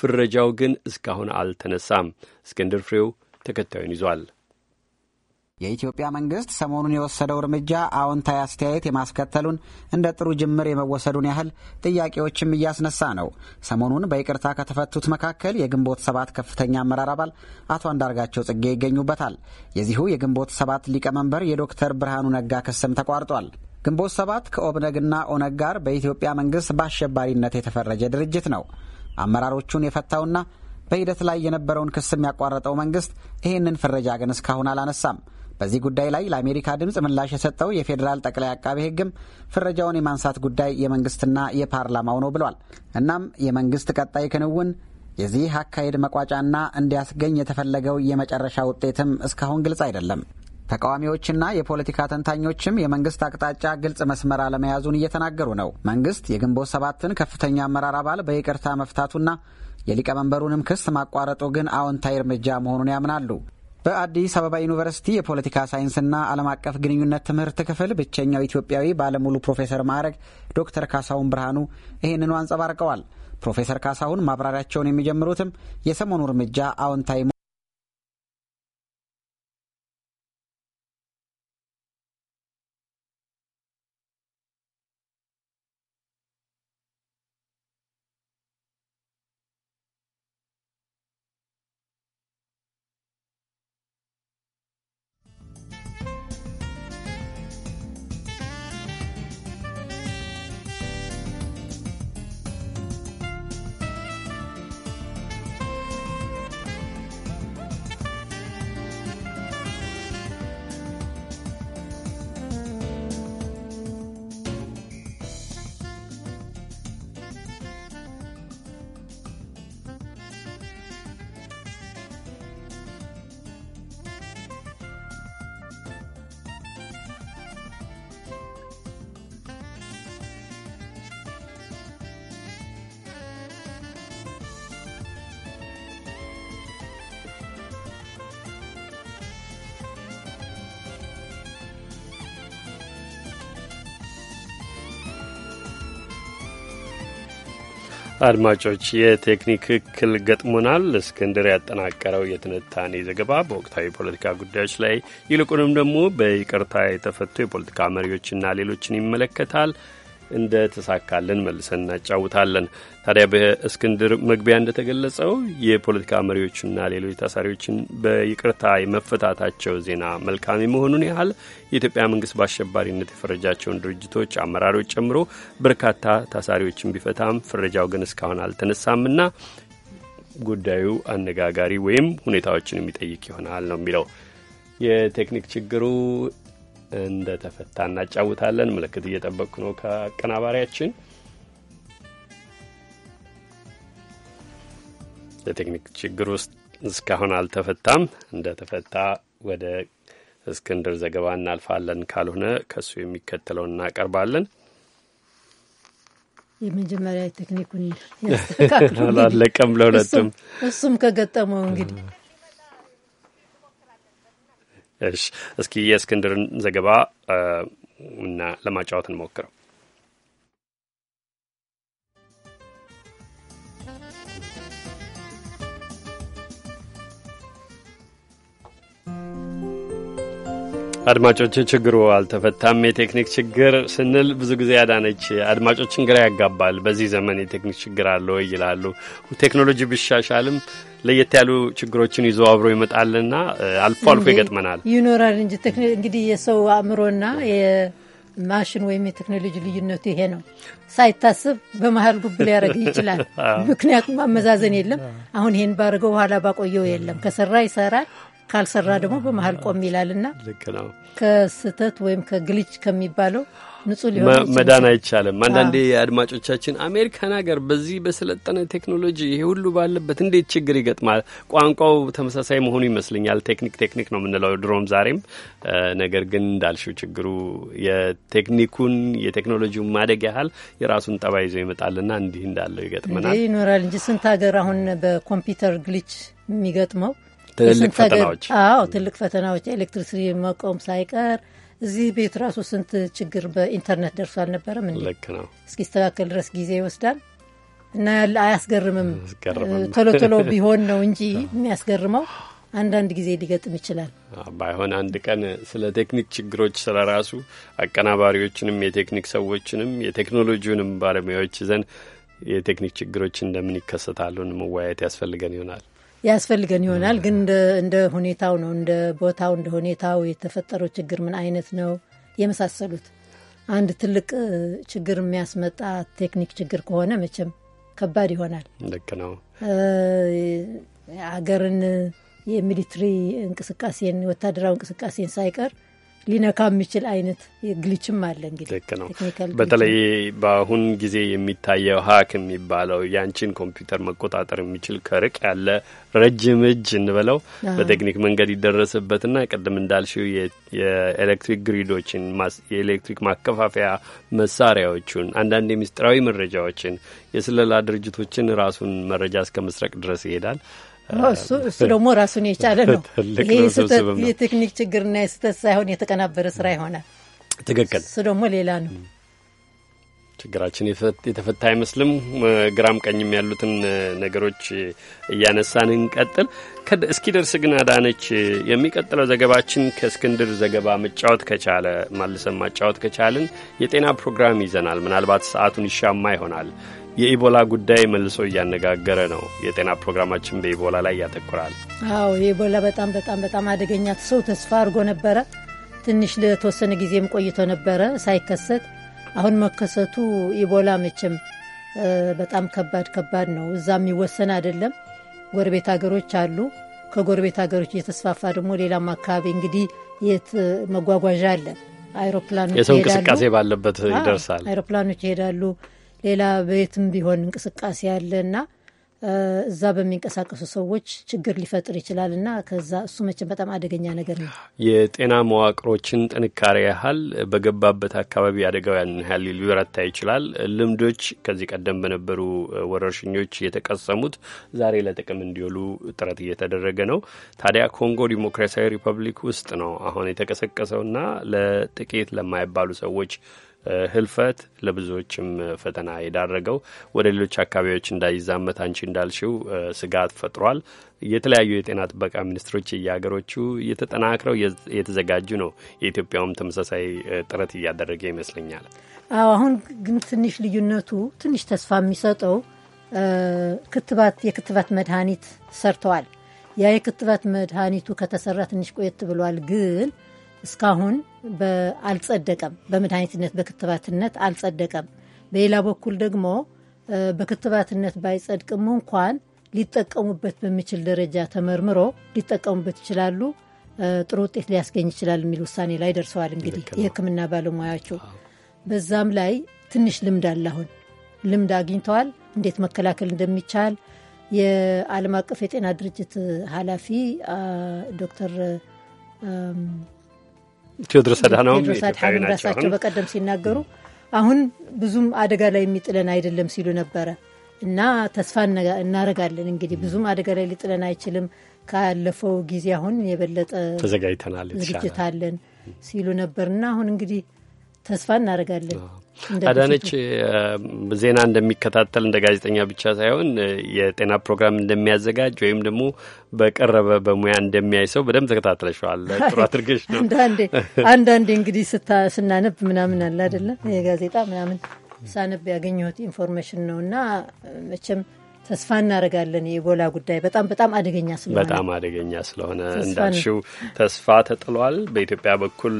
ፍረጃው ግን እስካሁን አልተነሳም። እስክንድር ፍሬው ተከታዩን ይዟል። የኢትዮጵያ መንግስት ሰሞኑን የወሰደው እርምጃ አዎንታዊ አስተያየት የማስከተሉን እንደ ጥሩ ጅምር የመወሰዱን ያህል ጥያቄዎችም እያስነሳ ነው። ሰሞኑን በይቅርታ ከተፈቱት መካከል የግንቦት ሰባት ከፍተኛ አመራር አባል አቶ አንዳርጋቸው ጽጌ ይገኙበታል። የዚሁ የግንቦት ሰባት ሊቀመንበር የዶክተር ብርሃኑ ነጋ ክስም ተቋርጧል። ግንቦት ሰባት ከኦብነግና ኦነግ ጋር በኢትዮጵያ መንግስት በአሸባሪነት የተፈረጀ ድርጅት ነው። አመራሮቹን የፈታውና በሂደት ላይ የነበረውን ክስም ያቋረጠው መንግስት ይህንን ፍረጃ ግን እስካሁን አላነሳም። በዚህ ጉዳይ ላይ ለአሜሪካ ድምፅ ምላሽ የሰጠው የፌዴራል ጠቅላይ አቃቤ ሕግም ፍረጃውን የማንሳት ጉዳይ የመንግስትና የፓርላማው ነው ብሏል። እናም የመንግስት ቀጣይ ክንውን የዚህ አካሄድ መቋጫና እንዲያስገኝ የተፈለገው የመጨረሻ ውጤትም እስካሁን ግልጽ አይደለም። ተቃዋሚዎችና የፖለቲካ ተንታኞችም የመንግስት አቅጣጫ ግልጽ መስመር አለመያዙን እየተናገሩ ነው። መንግስት የግንቦት ሰባትን ከፍተኛ አመራር አባል በይቅርታ መፍታቱና የሊቀመንበሩንም ክስ ማቋረጡ ግን አዎንታዊ እርምጃ መሆኑን ያምናሉ። በአዲስ አበባ ዩኒቨርሲቲ የፖለቲካ ሳይንስና ዓለም አቀፍ ግንኙነት ትምህርት ክፍል ብቸኛው ኢትዮጵያዊ ባለሙሉ ፕሮፌሰር ማዕረግ ዶክተር ካሳሁን ብርሃኑ ይህንኑ አንጸባርቀዋል። ፕሮፌሰር ካሳሁን ማብራሪያቸውን የሚጀምሩትም የሰሞኑ እርምጃ አዎንታዊ አድማጮች የቴክኒክ እክል ገጥሞናል። እስክንድር ያጠናቀረው የትንታኔ ዘገባ በወቅታዊ ፖለቲካ ጉዳዮች ላይ ይልቁንም ደግሞ በይቅርታ የተፈቱ የፖለቲካ መሪዎችና ሌሎችን ይመለከታል። እንደ ተሳካልን መልሰን እናጫውታለን። ታዲያ በእስክንድር መግቢያ እንደተገለጸው የፖለቲካ መሪዎችና ሌሎች ታሳሪዎችን በይቅርታ የመፈታታቸው ዜና መልካም መሆኑን ያህል የኢትዮጵያ መንግስት በአሸባሪነት የፈረጃቸውን ድርጅቶች አመራሮች ጨምሮ በርካታ ታሳሪዎችን ቢፈታም ፍረጃው ግን እስካሁን አልተነሳምና ጉዳዩ አነጋጋሪ ወይም ሁኔታዎችን የሚጠይቅ ይሆናል ነው የሚለው የቴክኒክ ችግሩ እንደተፈታ እናጫውታለን። ምልክት እየጠበቅኩ ነው ከአቀናባሪያችን። የቴክኒክ ችግር ውስጥ እስካሁን አልተፈታም። እንደተፈታ ወደ እስክንድር ዘገባ እናልፋለን። ካልሆነ ከእሱ የሚከተለው እናቀርባለን። የመጀመሪያ ቴክኒኩን ያስተካክሉ። አላለቀም ለሁለቱም እሱም ከገጠመው እንግዲህ እሺ፣ እስኪ የእስክንድርን ዘገባ እና ለማጫወት እንሞክረው። አድማጮች ችግሩ አልተፈታም። የቴክኒክ ችግር ስንል ብዙ ጊዜ ያዳነች አድማጮችን ግራ ያጋባል። በዚህ ዘመን የቴክኒክ ችግር አለ ወይ ይላሉ። ቴክኖሎጂ ብሻሻልም ለየት ያሉ ችግሮችን ይዞ አብሮ ይመጣልና አልፎ አልፎ ይገጥመናል ይኖራል እንጂ እንግዲህ የሰው አእምሮና ማሽን ወይም የቴክኖሎጂ ልዩነቱ ይሄ ነው። ሳይታስብ በመሀል ጉብ ሊያደርግ ይችላል። ምክንያቱም አመዛዘን የለም። አሁን ይሄን ባድርገው በኋላ ባቆየው የለም። ከሰራ ይሰራል፣ ካልሰራ ደግሞ በመሀል ቆም ይላልና ልክ ነው። ከስህተት ወይም ከግልጅ ከሚባለው ንጹህ ሊሆን መዳን አይቻልም። አንዳንዴ የአድማጮቻችን አሜሪካን ሀገር በዚህ በሰለጠነ ቴክኖሎጂ ይሄ ሁሉ ባለበት እንዴት ችግር ይገጥማል? ቋንቋው ተመሳሳይ መሆኑ ይመስለኛል። ቴክኒክ ቴክኒክ ነው የምንለው ድሮም ዛሬም። ነገር ግን እንዳልሽው ችግሩ የቴክኒኩን የቴክኖሎጂውን ማደግ ያህል የራሱን ጠባይ ይዞ ይመጣልና እንዲህ እንዳለው ይገጥመናል ይኖራል እንጂ ስንት ሀገር አሁን በኮምፒውተር ግልች የሚገጥመው ትልልቅ ፈተናዎች። አዎ ትልቅ ፈተናዎች፣ ኤሌክትሪሲቲ መቆም ሳይቀር እዚህ ቤት ራሱ ስንት ችግር በኢንተርኔት ደርሶ አልነበረም እንዴ? ልክ ነው። እስኪስተካከል ድረስ ጊዜ ይወስዳል እና ያለ አያስገርምም። ቶሎ ቶሎ ቢሆን ነው እንጂ የሚያስገርመው አንዳንድ ጊዜ ሊገጥም ይችላል። ባይሆን አንድ ቀን ስለ ቴክኒክ ችግሮች ስለ ራሱ አቀናባሪዎችንም የቴክኒክ ሰዎችንም የቴክኖሎጂውንም ባለሙያዎች ይዘን የቴክኒክ ችግሮች እንደምን ይከሰታሉን መወያየት ያስፈልገን ይሆናል። ያስፈልገን ይሆናል። ግን እንደ ሁኔታው ነው እንደ ቦታው እንደ ሁኔታው የተፈጠረው ችግር ምን አይነት ነው የመሳሰሉት። አንድ ትልቅ ችግር የሚያስመጣ ቴክኒክ ችግር ከሆነ መቼም ከባድ ይሆናል። ልክ ነው። አገርን የሚሊትሪ እንቅስቃሴን ወታደራዊ እንቅስቃሴን ሳይቀር ሊነካ የሚችል አይነት ግልችም አለ። እንግዲህ ልክ ነው። በተለይ በአሁን ጊዜ የሚታየው ሀክ የሚባለው ያንቺን ኮምፒውተር መቆጣጠር የሚችል ከርቅ ያለ ረጅም እጅ እንበለው በቴክኒክ መንገድ ይደረስበትና ቅድም እንዳልሽው የኤሌክትሪክ ግሪዶችን፣ የኤሌክትሪክ ማከፋፈያ መሳሪያዎቹን፣ አንዳንድ የሚስጥራዊ መረጃዎችን፣ የስለላ ድርጅቶችን ራሱን መረጃ እስከ መስረቅ ድረስ ይሄዳል። እሱ ደግሞ ራሱን የቻለ ነው። ይሄ የቴክኒክ ችግርና የስህተት ሳይሆን የተቀናበረ ስራ ይሆናል። ትክክል። እሱ ደግሞ ሌላ ነው። ችግራችን የተፈታ አይመስልም። ግራም ቀኝም ያሉትን ነገሮች እያነሳን እንቀጥል። ደርስ ግን አዳነች፣ የሚቀጥለው ዘገባችን ከእስክንድር ዘገባ መጫወት ከቻለ መልሰን ማጫወት ከቻልን የጤና ፕሮግራም ይዘናል። ምናልባት ሰዓቱን ይሻማ ይሆናል። የኢቦላ ጉዳይ መልሶ እያነጋገረ ነው። የጤና ፕሮግራማችን በኢቦላ ላይ ያተኩራል። አዎ የኢቦላ በጣም በጣም በጣም አደገኛ ሰው ተስፋ አድርጎ ነበረ። ትንሽ ለተወሰነ ጊዜም ቆይቶ ነበረ ሳይከሰት። አሁን መከሰቱ ኢቦላ መቼም በጣም ከባድ ከባድ ነው። እዛ የሚወሰን አይደለም። ጎረቤት ሀገሮች አሉ። ከጎረቤት ሀገሮች እየተስፋፋ ደግሞ ሌላም አካባቢ እንግዲህ የት መጓጓዣ አለ። አይሮፕላኖች የሰው እንቅስቃሴ ባለበት ይደርሳል። አይሮፕላኖች ይሄዳሉ። ሌላ ቤትም ቢሆን እንቅስቃሴ እና እዛ በሚንቀሳቀሱ ሰዎች ችግር ሊፈጥር ይችላል እና ከዛ እሱ መቼም በጣም አደገኛ ነገር ነው። የጤና መዋቅሮችን ጥንካሬ ያህል በገባበት አካባቢ አደጋው ያን ያህል ሊበረታ ይችላል። ልምዶች ከዚህ ቀደም በነበሩ ወረርሽኞች የተቀሰሙት ዛሬ ለጥቅም እንዲውሉ ጥረት እየተደረገ ነው። ታዲያ ኮንጎ ዲሞክራሲያዊ ሪፐብሊክ ውስጥ ነው አሁን የተቀሰቀሰውና ለጥቂት ለማይባሉ ሰዎች ህልፈት ለብዙዎችም ፈተና የዳረገው ወደ ሌሎች አካባቢዎች እንዳይዛመት አንቺ እንዳልሽው ስጋት ፈጥሯል። የተለያዩ የጤና ጥበቃ ሚኒስትሮች የሀገሮቹ እየተጠናክረው የተዘጋጁ ነው። የኢትዮጵያውም ተመሳሳይ ጥረት እያደረገ ይመስለኛል። አዎ፣ አሁን ግን ትንሽ ልዩነቱ ትንሽ ተስፋ የሚሰጠው ክትባት የክትባት መድኃኒት ሰርተዋል። ያ የክትባት መድኃኒቱ ከተሰራ ትንሽ ቆየት ብሏል ግን እስካሁን አልጸደቀም። በመድኃኒትነት በክትባትነት አልጸደቀም። በሌላ በኩል ደግሞ በክትባትነት ባይጸድቅም እንኳን ሊጠቀሙበት በሚችል ደረጃ ተመርምሮ ሊጠቀሙበት ይችላሉ፣ ጥሩ ውጤት ሊያስገኝ ይችላል የሚል ውሳኔ ላይ ደርሰዋል። እንግዲህ የሕክምና ባለሙያቸው በዛም ላይ ትንሽ ልምድ አለ። አሁን ልምድ አግኝተዋል፣ እንዴት መከላከል እንደሚቻል የዓለም አቀፍ የጤና ድርጅት ኃላፊ ዶክተር ቴዎድሮስ አድሃኖም ራሳቸው በቀደም ሲናገሩ አሁን ብዙም አደጋ ላይ የሚጥለን አይደለም ሲሉ ነበረ እና ተስፋ እናደርጋለን እንግዲህ ብዙም አደጋ ላይ ሊጥለን አይችልም፣ ካለፈው ጊዜ አሁን የበለጠ ተዘጋጅተናል፣ ዝግጅት አለን ሲሉ ነበርና አሁን እንግዲህ ተስፋ እናደርጋለን። አዳነች ዜና እንደሚከታተል እንደ ጋዜጠኛ ብቻ ሳይሆን የጤና ፕሮግራም እንደሚያዘጋጅ ወይም ደግሞ በቀረበ በሙያ እንደሚያይ ሰው በደንብ ተከታትለሸዋል። ጥሩ አድርገሽ ነው። አንዳንዴ እንግዲህ ስናነብ ምናምን አለ አይደለም የጋዜጣ ምናምን ሳነብ ያገኘሁት ኢንፎርሜሽን ነው እና መቼም ተስፋ እናደርጋለን። የኢቦላ ጉዳይ በጣም በጣም አደገኛ ስለሆነ በጣም አደገኛ ስለሆነ እንዳልሽው ተስፋ ተጥሏል። በኢትዮጵያ በኩል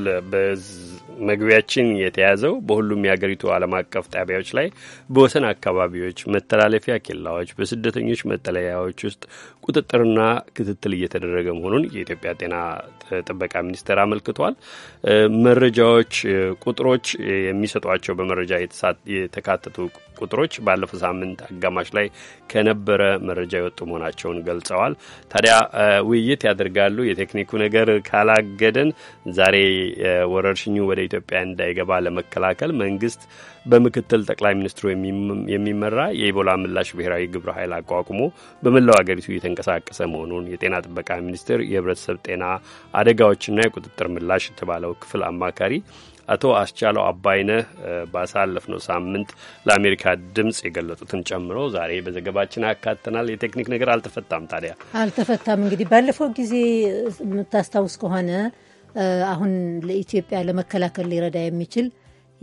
መግቢያችን የተያዘው በሁሉም የአገሪቱ ዓለም አቀፍ ጣቢያዎች ላይ በወሰን አካባቢዎች፣ መተላለፊያ ኬላዎች፣ በስደተኞች መጠለያዎች ውስጥ ቁጥጥርና ክትትል እየተደረገ መሆኑን የኢትዮጵያ ጤና ጥበቃ ሚኒስቴር አመልክቷል። መረጃዎች ቁጥሮች የሚሰጧቸው በመረጃ የተካተቱ ቁጥሮች ባለፈው ሳምንት አጋማሽ ላይ ከነበረ መረጃ የወጡ መሆናቸውን ገልጸዋል። ታዲያ ውይይት ያደርጋሉ። የቴክኒኩ ነገር ካላገደን ዛሬ ወረርሽኙ ወደ ኢትዮጵያ እንዳይገባ ለመከላከል መንግስት በምክትል ጠቅላይ ሚኒስትሩ የሚመራ የኢቦላ ምላሽ ብሔራዊ ግብረ ኃይል አቋቁሞ በመላው አገሪቱ እየተንቀሳቀሰ መሆኑን የጤና ጥበቃ ሚኒስቴር የህብረተሰብ ጤና አደጋዎችና የቁጥጥር ምላሽ የተባለው ክፍል አማካሪ አቶ አስቻለው አባይነህ ባሳለፍነው ሳምንት ለአሜሪካ ድምፅ የገለጡትን ጨምሮ ዛሬ በዘገባችን አካተናል። የቴክኒክ ነገር አልተፈታም። ታዲያ አልተፈታም። እንግዲህ ባለፈው ጊዜ የምታስታውስ ከሆነ አሁን ለኢትዮጵያ ለመከላከል ሊረዳ የሚችል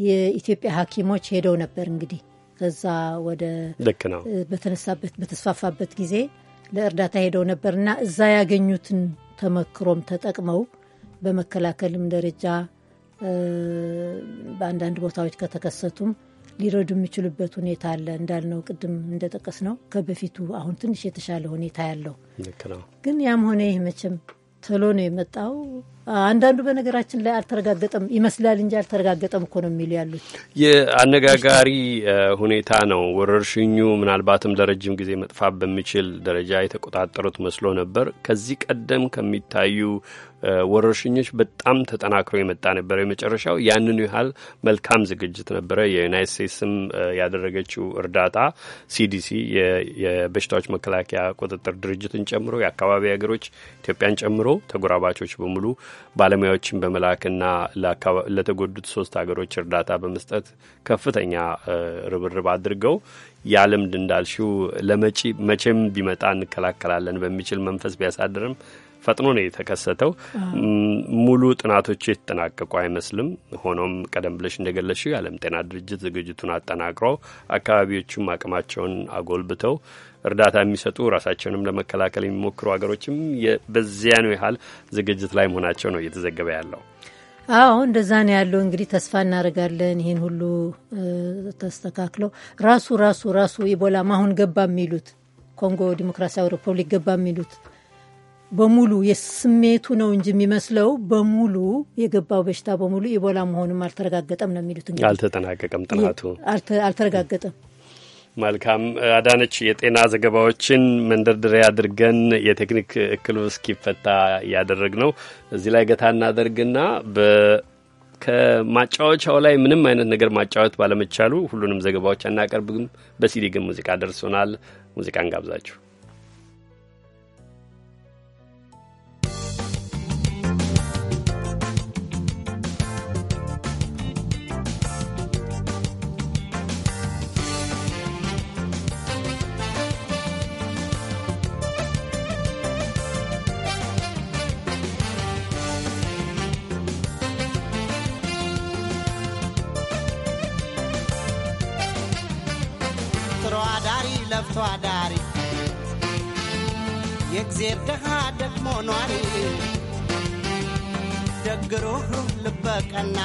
የኢትዮጵያ ሐኪሞች ሄደው ነበር። እንግዲህ ከዛ ወደ ልክ ነው በተነሳበት በተስፋፋበት ጊዜ ለእርዳታ ሄደው ነበርና እዛ ያገኙትን ተመክሮም ተጠቅመው በመከላከልም ደረጃ በአንዳንድ ቦታዎች ከተከሰቱም ሊረዱ የሚችሉበት ሁኔታ አለ። እንዳልነው ቅድም እንደጠቀስ ነው ከበፊቱ አሁን ትንሽ የተሻለ ሁኔታ ያለው ግን ያም ሆነ ይህ መቼም ቶሎ ነው የመጣው አንዳንዱ በነገራችን ላይ አልተረጋገጠም ይመስላል እንጂ አልተረጋገጠም እኮ ነው የሚሉ ያሉት የአነጋጋሪ ሁኔታ ነው። ወረርሽኙ ምናልባትም ለረጅም ጊዜ መጥፋት በሚችል ደረጃ የተቆጣጠሩት መስሎ ነበር። ከዚህ ቀደም ከሚታዩ ወረርሽኞች በጣም ተጠናክሮ የመጣ ነበረ። የመጨረሻው ያንኑ ያህል መልካም ዝግጅት ነበረ። የዩናይት ስቴትስም ያደረገችው እርዳታ ሲዲሲ የበሽታዎች መከላከያ ቁጥጥር ድርጅትን ጨምሮ የአካባቢ ሀገሮች ኢትዮጵያን ጨምሮ ተጎራባቾች በሙሉ ባለሙያዎችን በመላክና ለተጎዱት ሶስት ሀገሮች እርዳታ በመስጠት ከፍተኛ ርብርብ አድርገው ያልምድ እንዳልሽው ለመጪ መቼም ቢመጣ እንከላከላለን በሚችል መንፈስ ቢያሳድርም ፈጥኖ ነው የተከሰተው። ሙሉ ጥናቶች የተጠናቀቁ አይመስልም። ሆኖም ቀደም ብለሽ እንደገለሽው የዓለም ጤና ድርጅት ዝግጅቱን አጠናቅሮ አካባቢዎቹም አቅማቸውን አጎልብተው እርዳታ የሚሰጡ ራሳቸውንም ለመከላከል የሚሞክሩ ሀገሮችም በዚያኑ ያህል ዝግጅት ላይ መሆናቸው ነው እየተዘገበ ያለው። አዎ እንደዛ ነው ያለው። እንግዲህ ተስፋ እናደርጋለን ይህን ሁሉ ተስተካክለው ራሱ ራሱ ራሱ ኢቦላ አሁን ገባ የሚሉት ኮንጎ ዲሞክራሲያዊ ሪፐብሊክ ገባ የሚሉት በሙሉ የስሜቱ ነው እንጂ የሚመስለው በሙሉ የገባው በሽታ በሙሉ ኢቦላ መሆኑም አልተረጋገጠም ነው የሚሉት። እንግዲህ አልተጠናቀቀም፣ ጥናቱ አልተረጋገጠም። መልካም አዳነች፣ የጤና ዘገባዎችን መንደርደሪያ አድርገን የቴክኒክ እክሉ እስኪፈታ እያደረግ ነው። እዚህ ላይ ገታ እናደርግና ከማጫወቻው ላይ ምንም አይነት ነገር ማጫወት ባለመቻሉ ሁሉንም ዘገባዎች አናቀርብም። በሲዲ ግን ሙዚቃ ደርሶናል። ሙዚቃን ጋብዛችሁ አርብቶ የእግዜር ደሃ ደግሞ ኗሪ ደግሮ ልበቀና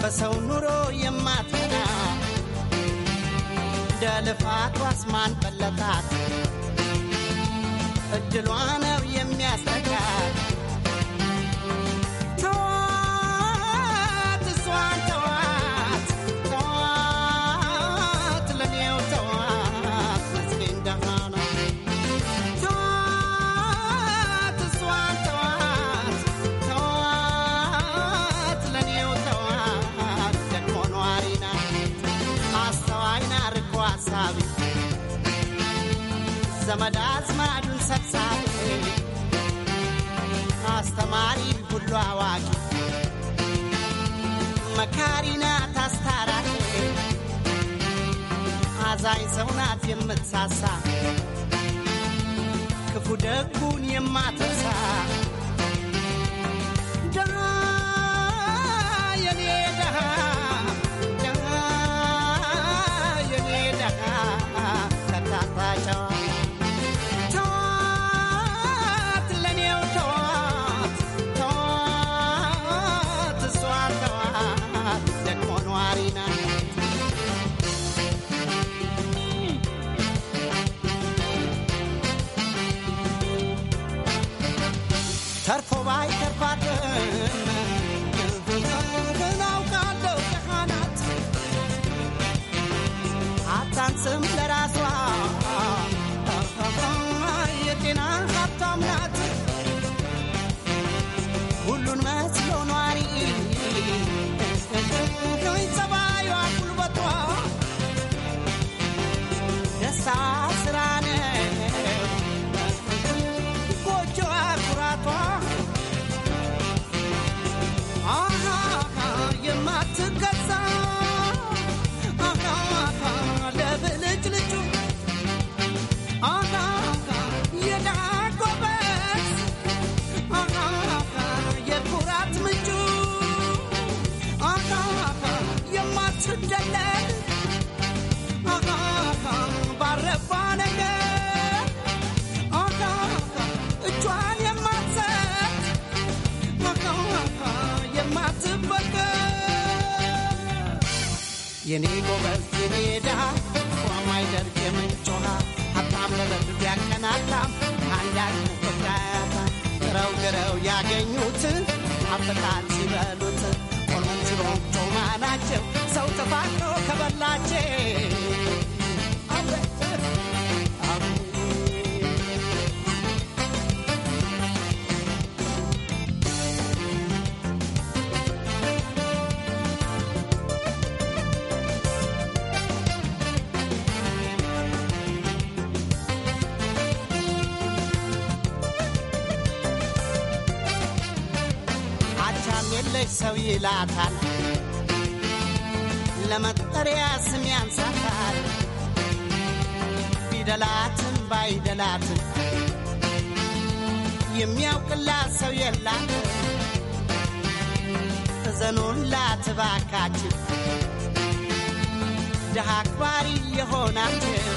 በሰው ኑሮ የማትና እንደ ልፋቷ አስማን በለታት እድሏ ነው የሚያስጠጋት ዘመድ አዝማዱን ሰብሳቢ አስተማሪ ሁሉ አዋቂ መካሪ ናት አስታራቂ አዛኝ ሰው ናት የምትሳሳ ክፉ ደጉን የማትረሳ የኔ ጎበዝ የኔ ድሃ ማይደርግ የምንጭ ውሃ ሀብታም ለብር ቢያቀናጣም አንዳች ፍርዳያታ ግረው ግረው ያገኙት አፍጣን ሲበሉት ቆሎን ሲሮንጮ ማናቸው ይጎድላታል፣ ለመጠሪያ ስም ያንሳታል። ቢደላትም ባይደላትም የሚያውቅላት ሰው የላትም። እዘኑላት ባካችን ድሃ አክባሪ የሆናችን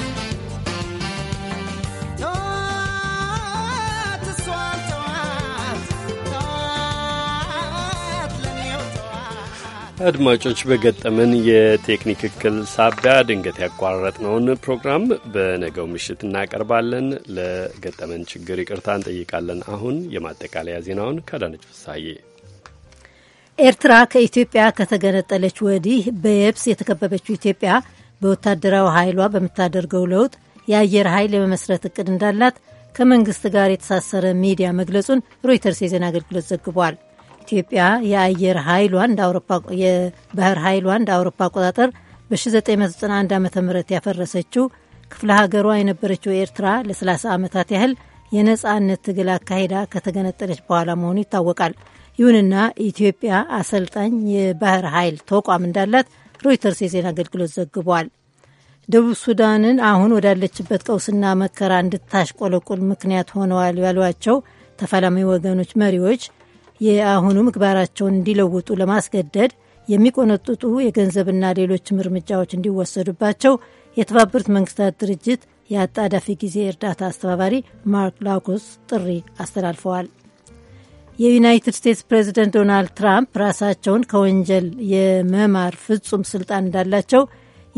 አድማጮች በገጠመን የቴክኒክ እክል ሳቢያ ድንገት ያቋረጥነውን ፕሮግራም በነገው ምሽት እናቀርባለን። ለገጠመን ችግር ይቅርታ እንጠይቃለን። አሁን የማጠቃለያ ዜናውን ከዳነች ፍሳዬ። ኤርትራ ከኢትዮጵያ ከተገነጠለች ወዲህ በየብስ የተከበበችው ኢትዮጵያ በወታደራዊ ኃይሏ በምታደርገው ለውጥ የአየር ኃይል የመመስረት እቅድ እንዳላት ከመንግስት ጋር የተሳሰረ ሚዲያ መግለጹን ሮይተርስ የዜና አገልግሎት ዘግቧል። ኢትዮጵያ የአየር ኃይሏን የባህር ኃይሏን እንደ አውሮፓ አቆጣጠር በ1991 ዓ ም ያፈረሰችው ክፍለ ሀገሯ የነበረችው ኤርትራ ለ30 ዓመታት ያህል የነጻነት ትግል አካሂዳ ከተገነጠለች በኋላ መሆኑ ይታወቃል። ይሁንና ኢትዮጵያ አሰልጣኝ የባህር ኃይል ተቋም እንዳላት ሮይተርስ የዜና አገልግሎት ዘግቧል። ደቡብ ሱዳንን አሁን ወዳለችበት ቀውስና መከራ እንድታሽቆለቁል ምክንያት ሆነዋል ያሏቸው ተፋላሚ ወገኖች መሪዎች የአሁኑ ምግባራቸውን እንዲለውጡ ለማስገደድ የሚቆነጥጡ የገንዘብና ሌሎችም እርምጃዎች እንዲወሰዱባቸው የተባበሩት መንግስታት ድርጅት የአጣዳፊ ጊዜ እርዳታ አስተባባሪ ማርክ ላኩስ ጥሪ አስተላልፈዋል። የዩናይትድ ስቴትስ ፕሬዚደንት ዶናልድ ትራምፕ ራሳቸውን ከወንጀል የመማር ፍጹም ስልጣን እንዳላቸው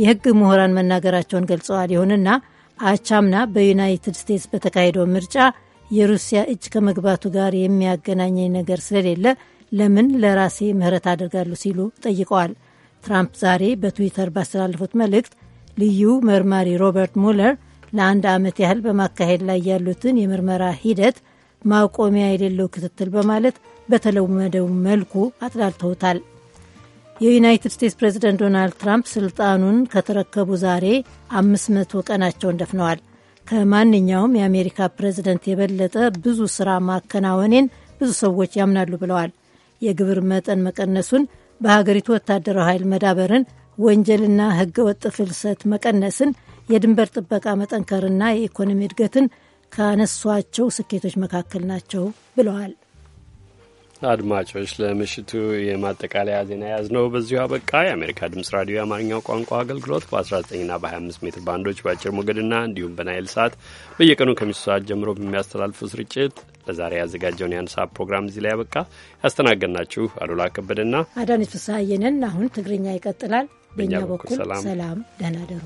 የህግ ምሁራን መናገራቸውን ገልጸዋል። ይሁንና አቻምና በዩናይትድ ስቴትስ በተካሄደው ምርጫ የሩሲያ እጅ ከመግባቱ ጋር የሚያገናኘኝ ነገር ስለሌለ ለምን ለራሴ ምህረት አደርጋለሁ ሲሉ ጠይቀዋል። ትራምፕ ዛሬ በትዊተር ባስተላለፉት መልእክት ልዩ መርማሪ ሮበርት ሙለር ለአንድ ዓመት ያህል በማካሄድ ላይ ያሉትን የምርመራ ሂደት ማቆሚያ የሌለው ክትትል በማለት በተለመደው መልኩ አጥላልተውታል። የዩናይትድ ስቴትስ ፕሬዚደንት ዶናልድ ትራምፕ ስልጣኑን ከተረከቡ ዛሬ 500 ቀናቸውን ደፍነዋል። ከማንኛውም የአሜሪካ ፕሬዝደንት የበለጠ ብዙ ስራ ማከናወኔን ብዙ ሰዎች ያምናሉ ብለዋል። የግብር መጠን መቀነሱን፣ በሀገሪቱ ወታደራዊ ኃይል መዳበርን፣ ወንጀልና ህገወጥ ፍልሰት መቀነስን፣ የድንበር ጥበቃ መጠንከርና የኢኮኖሚ እድገትን ካነሷቸው ስኬቶች መካከል ናቸው ብለዋል። አድማጮች ለምሽቱ የማጠቃለያ ዜና የያዝነው በዚሁ አበቃ። የአሜሪካ ድምጽ ራዲዮ የአማርኛው ቋንቋ አገልግሎት በ19ና በ25 ሜትር ባንዶች በአጭር ሞገድና እንዲሁም በናይል ሰዓት በየቀኑ ከምሽቱ ሰዓት ጀምሮ በሚያስተላልፉ ስርጭት ለዛሬ ያዘጋጀውን የአንድ ሰዓት ፕሮግራም እዚህ ላይ ያበቃ። ያስተናገድናችሁ አሉላ ከበደና አዳነች ፍስሐዬ ነን። አሁን ትግርኛ ይቀጥላል። በእኛ በኩል ሰላም፣ ደህና ደሩ።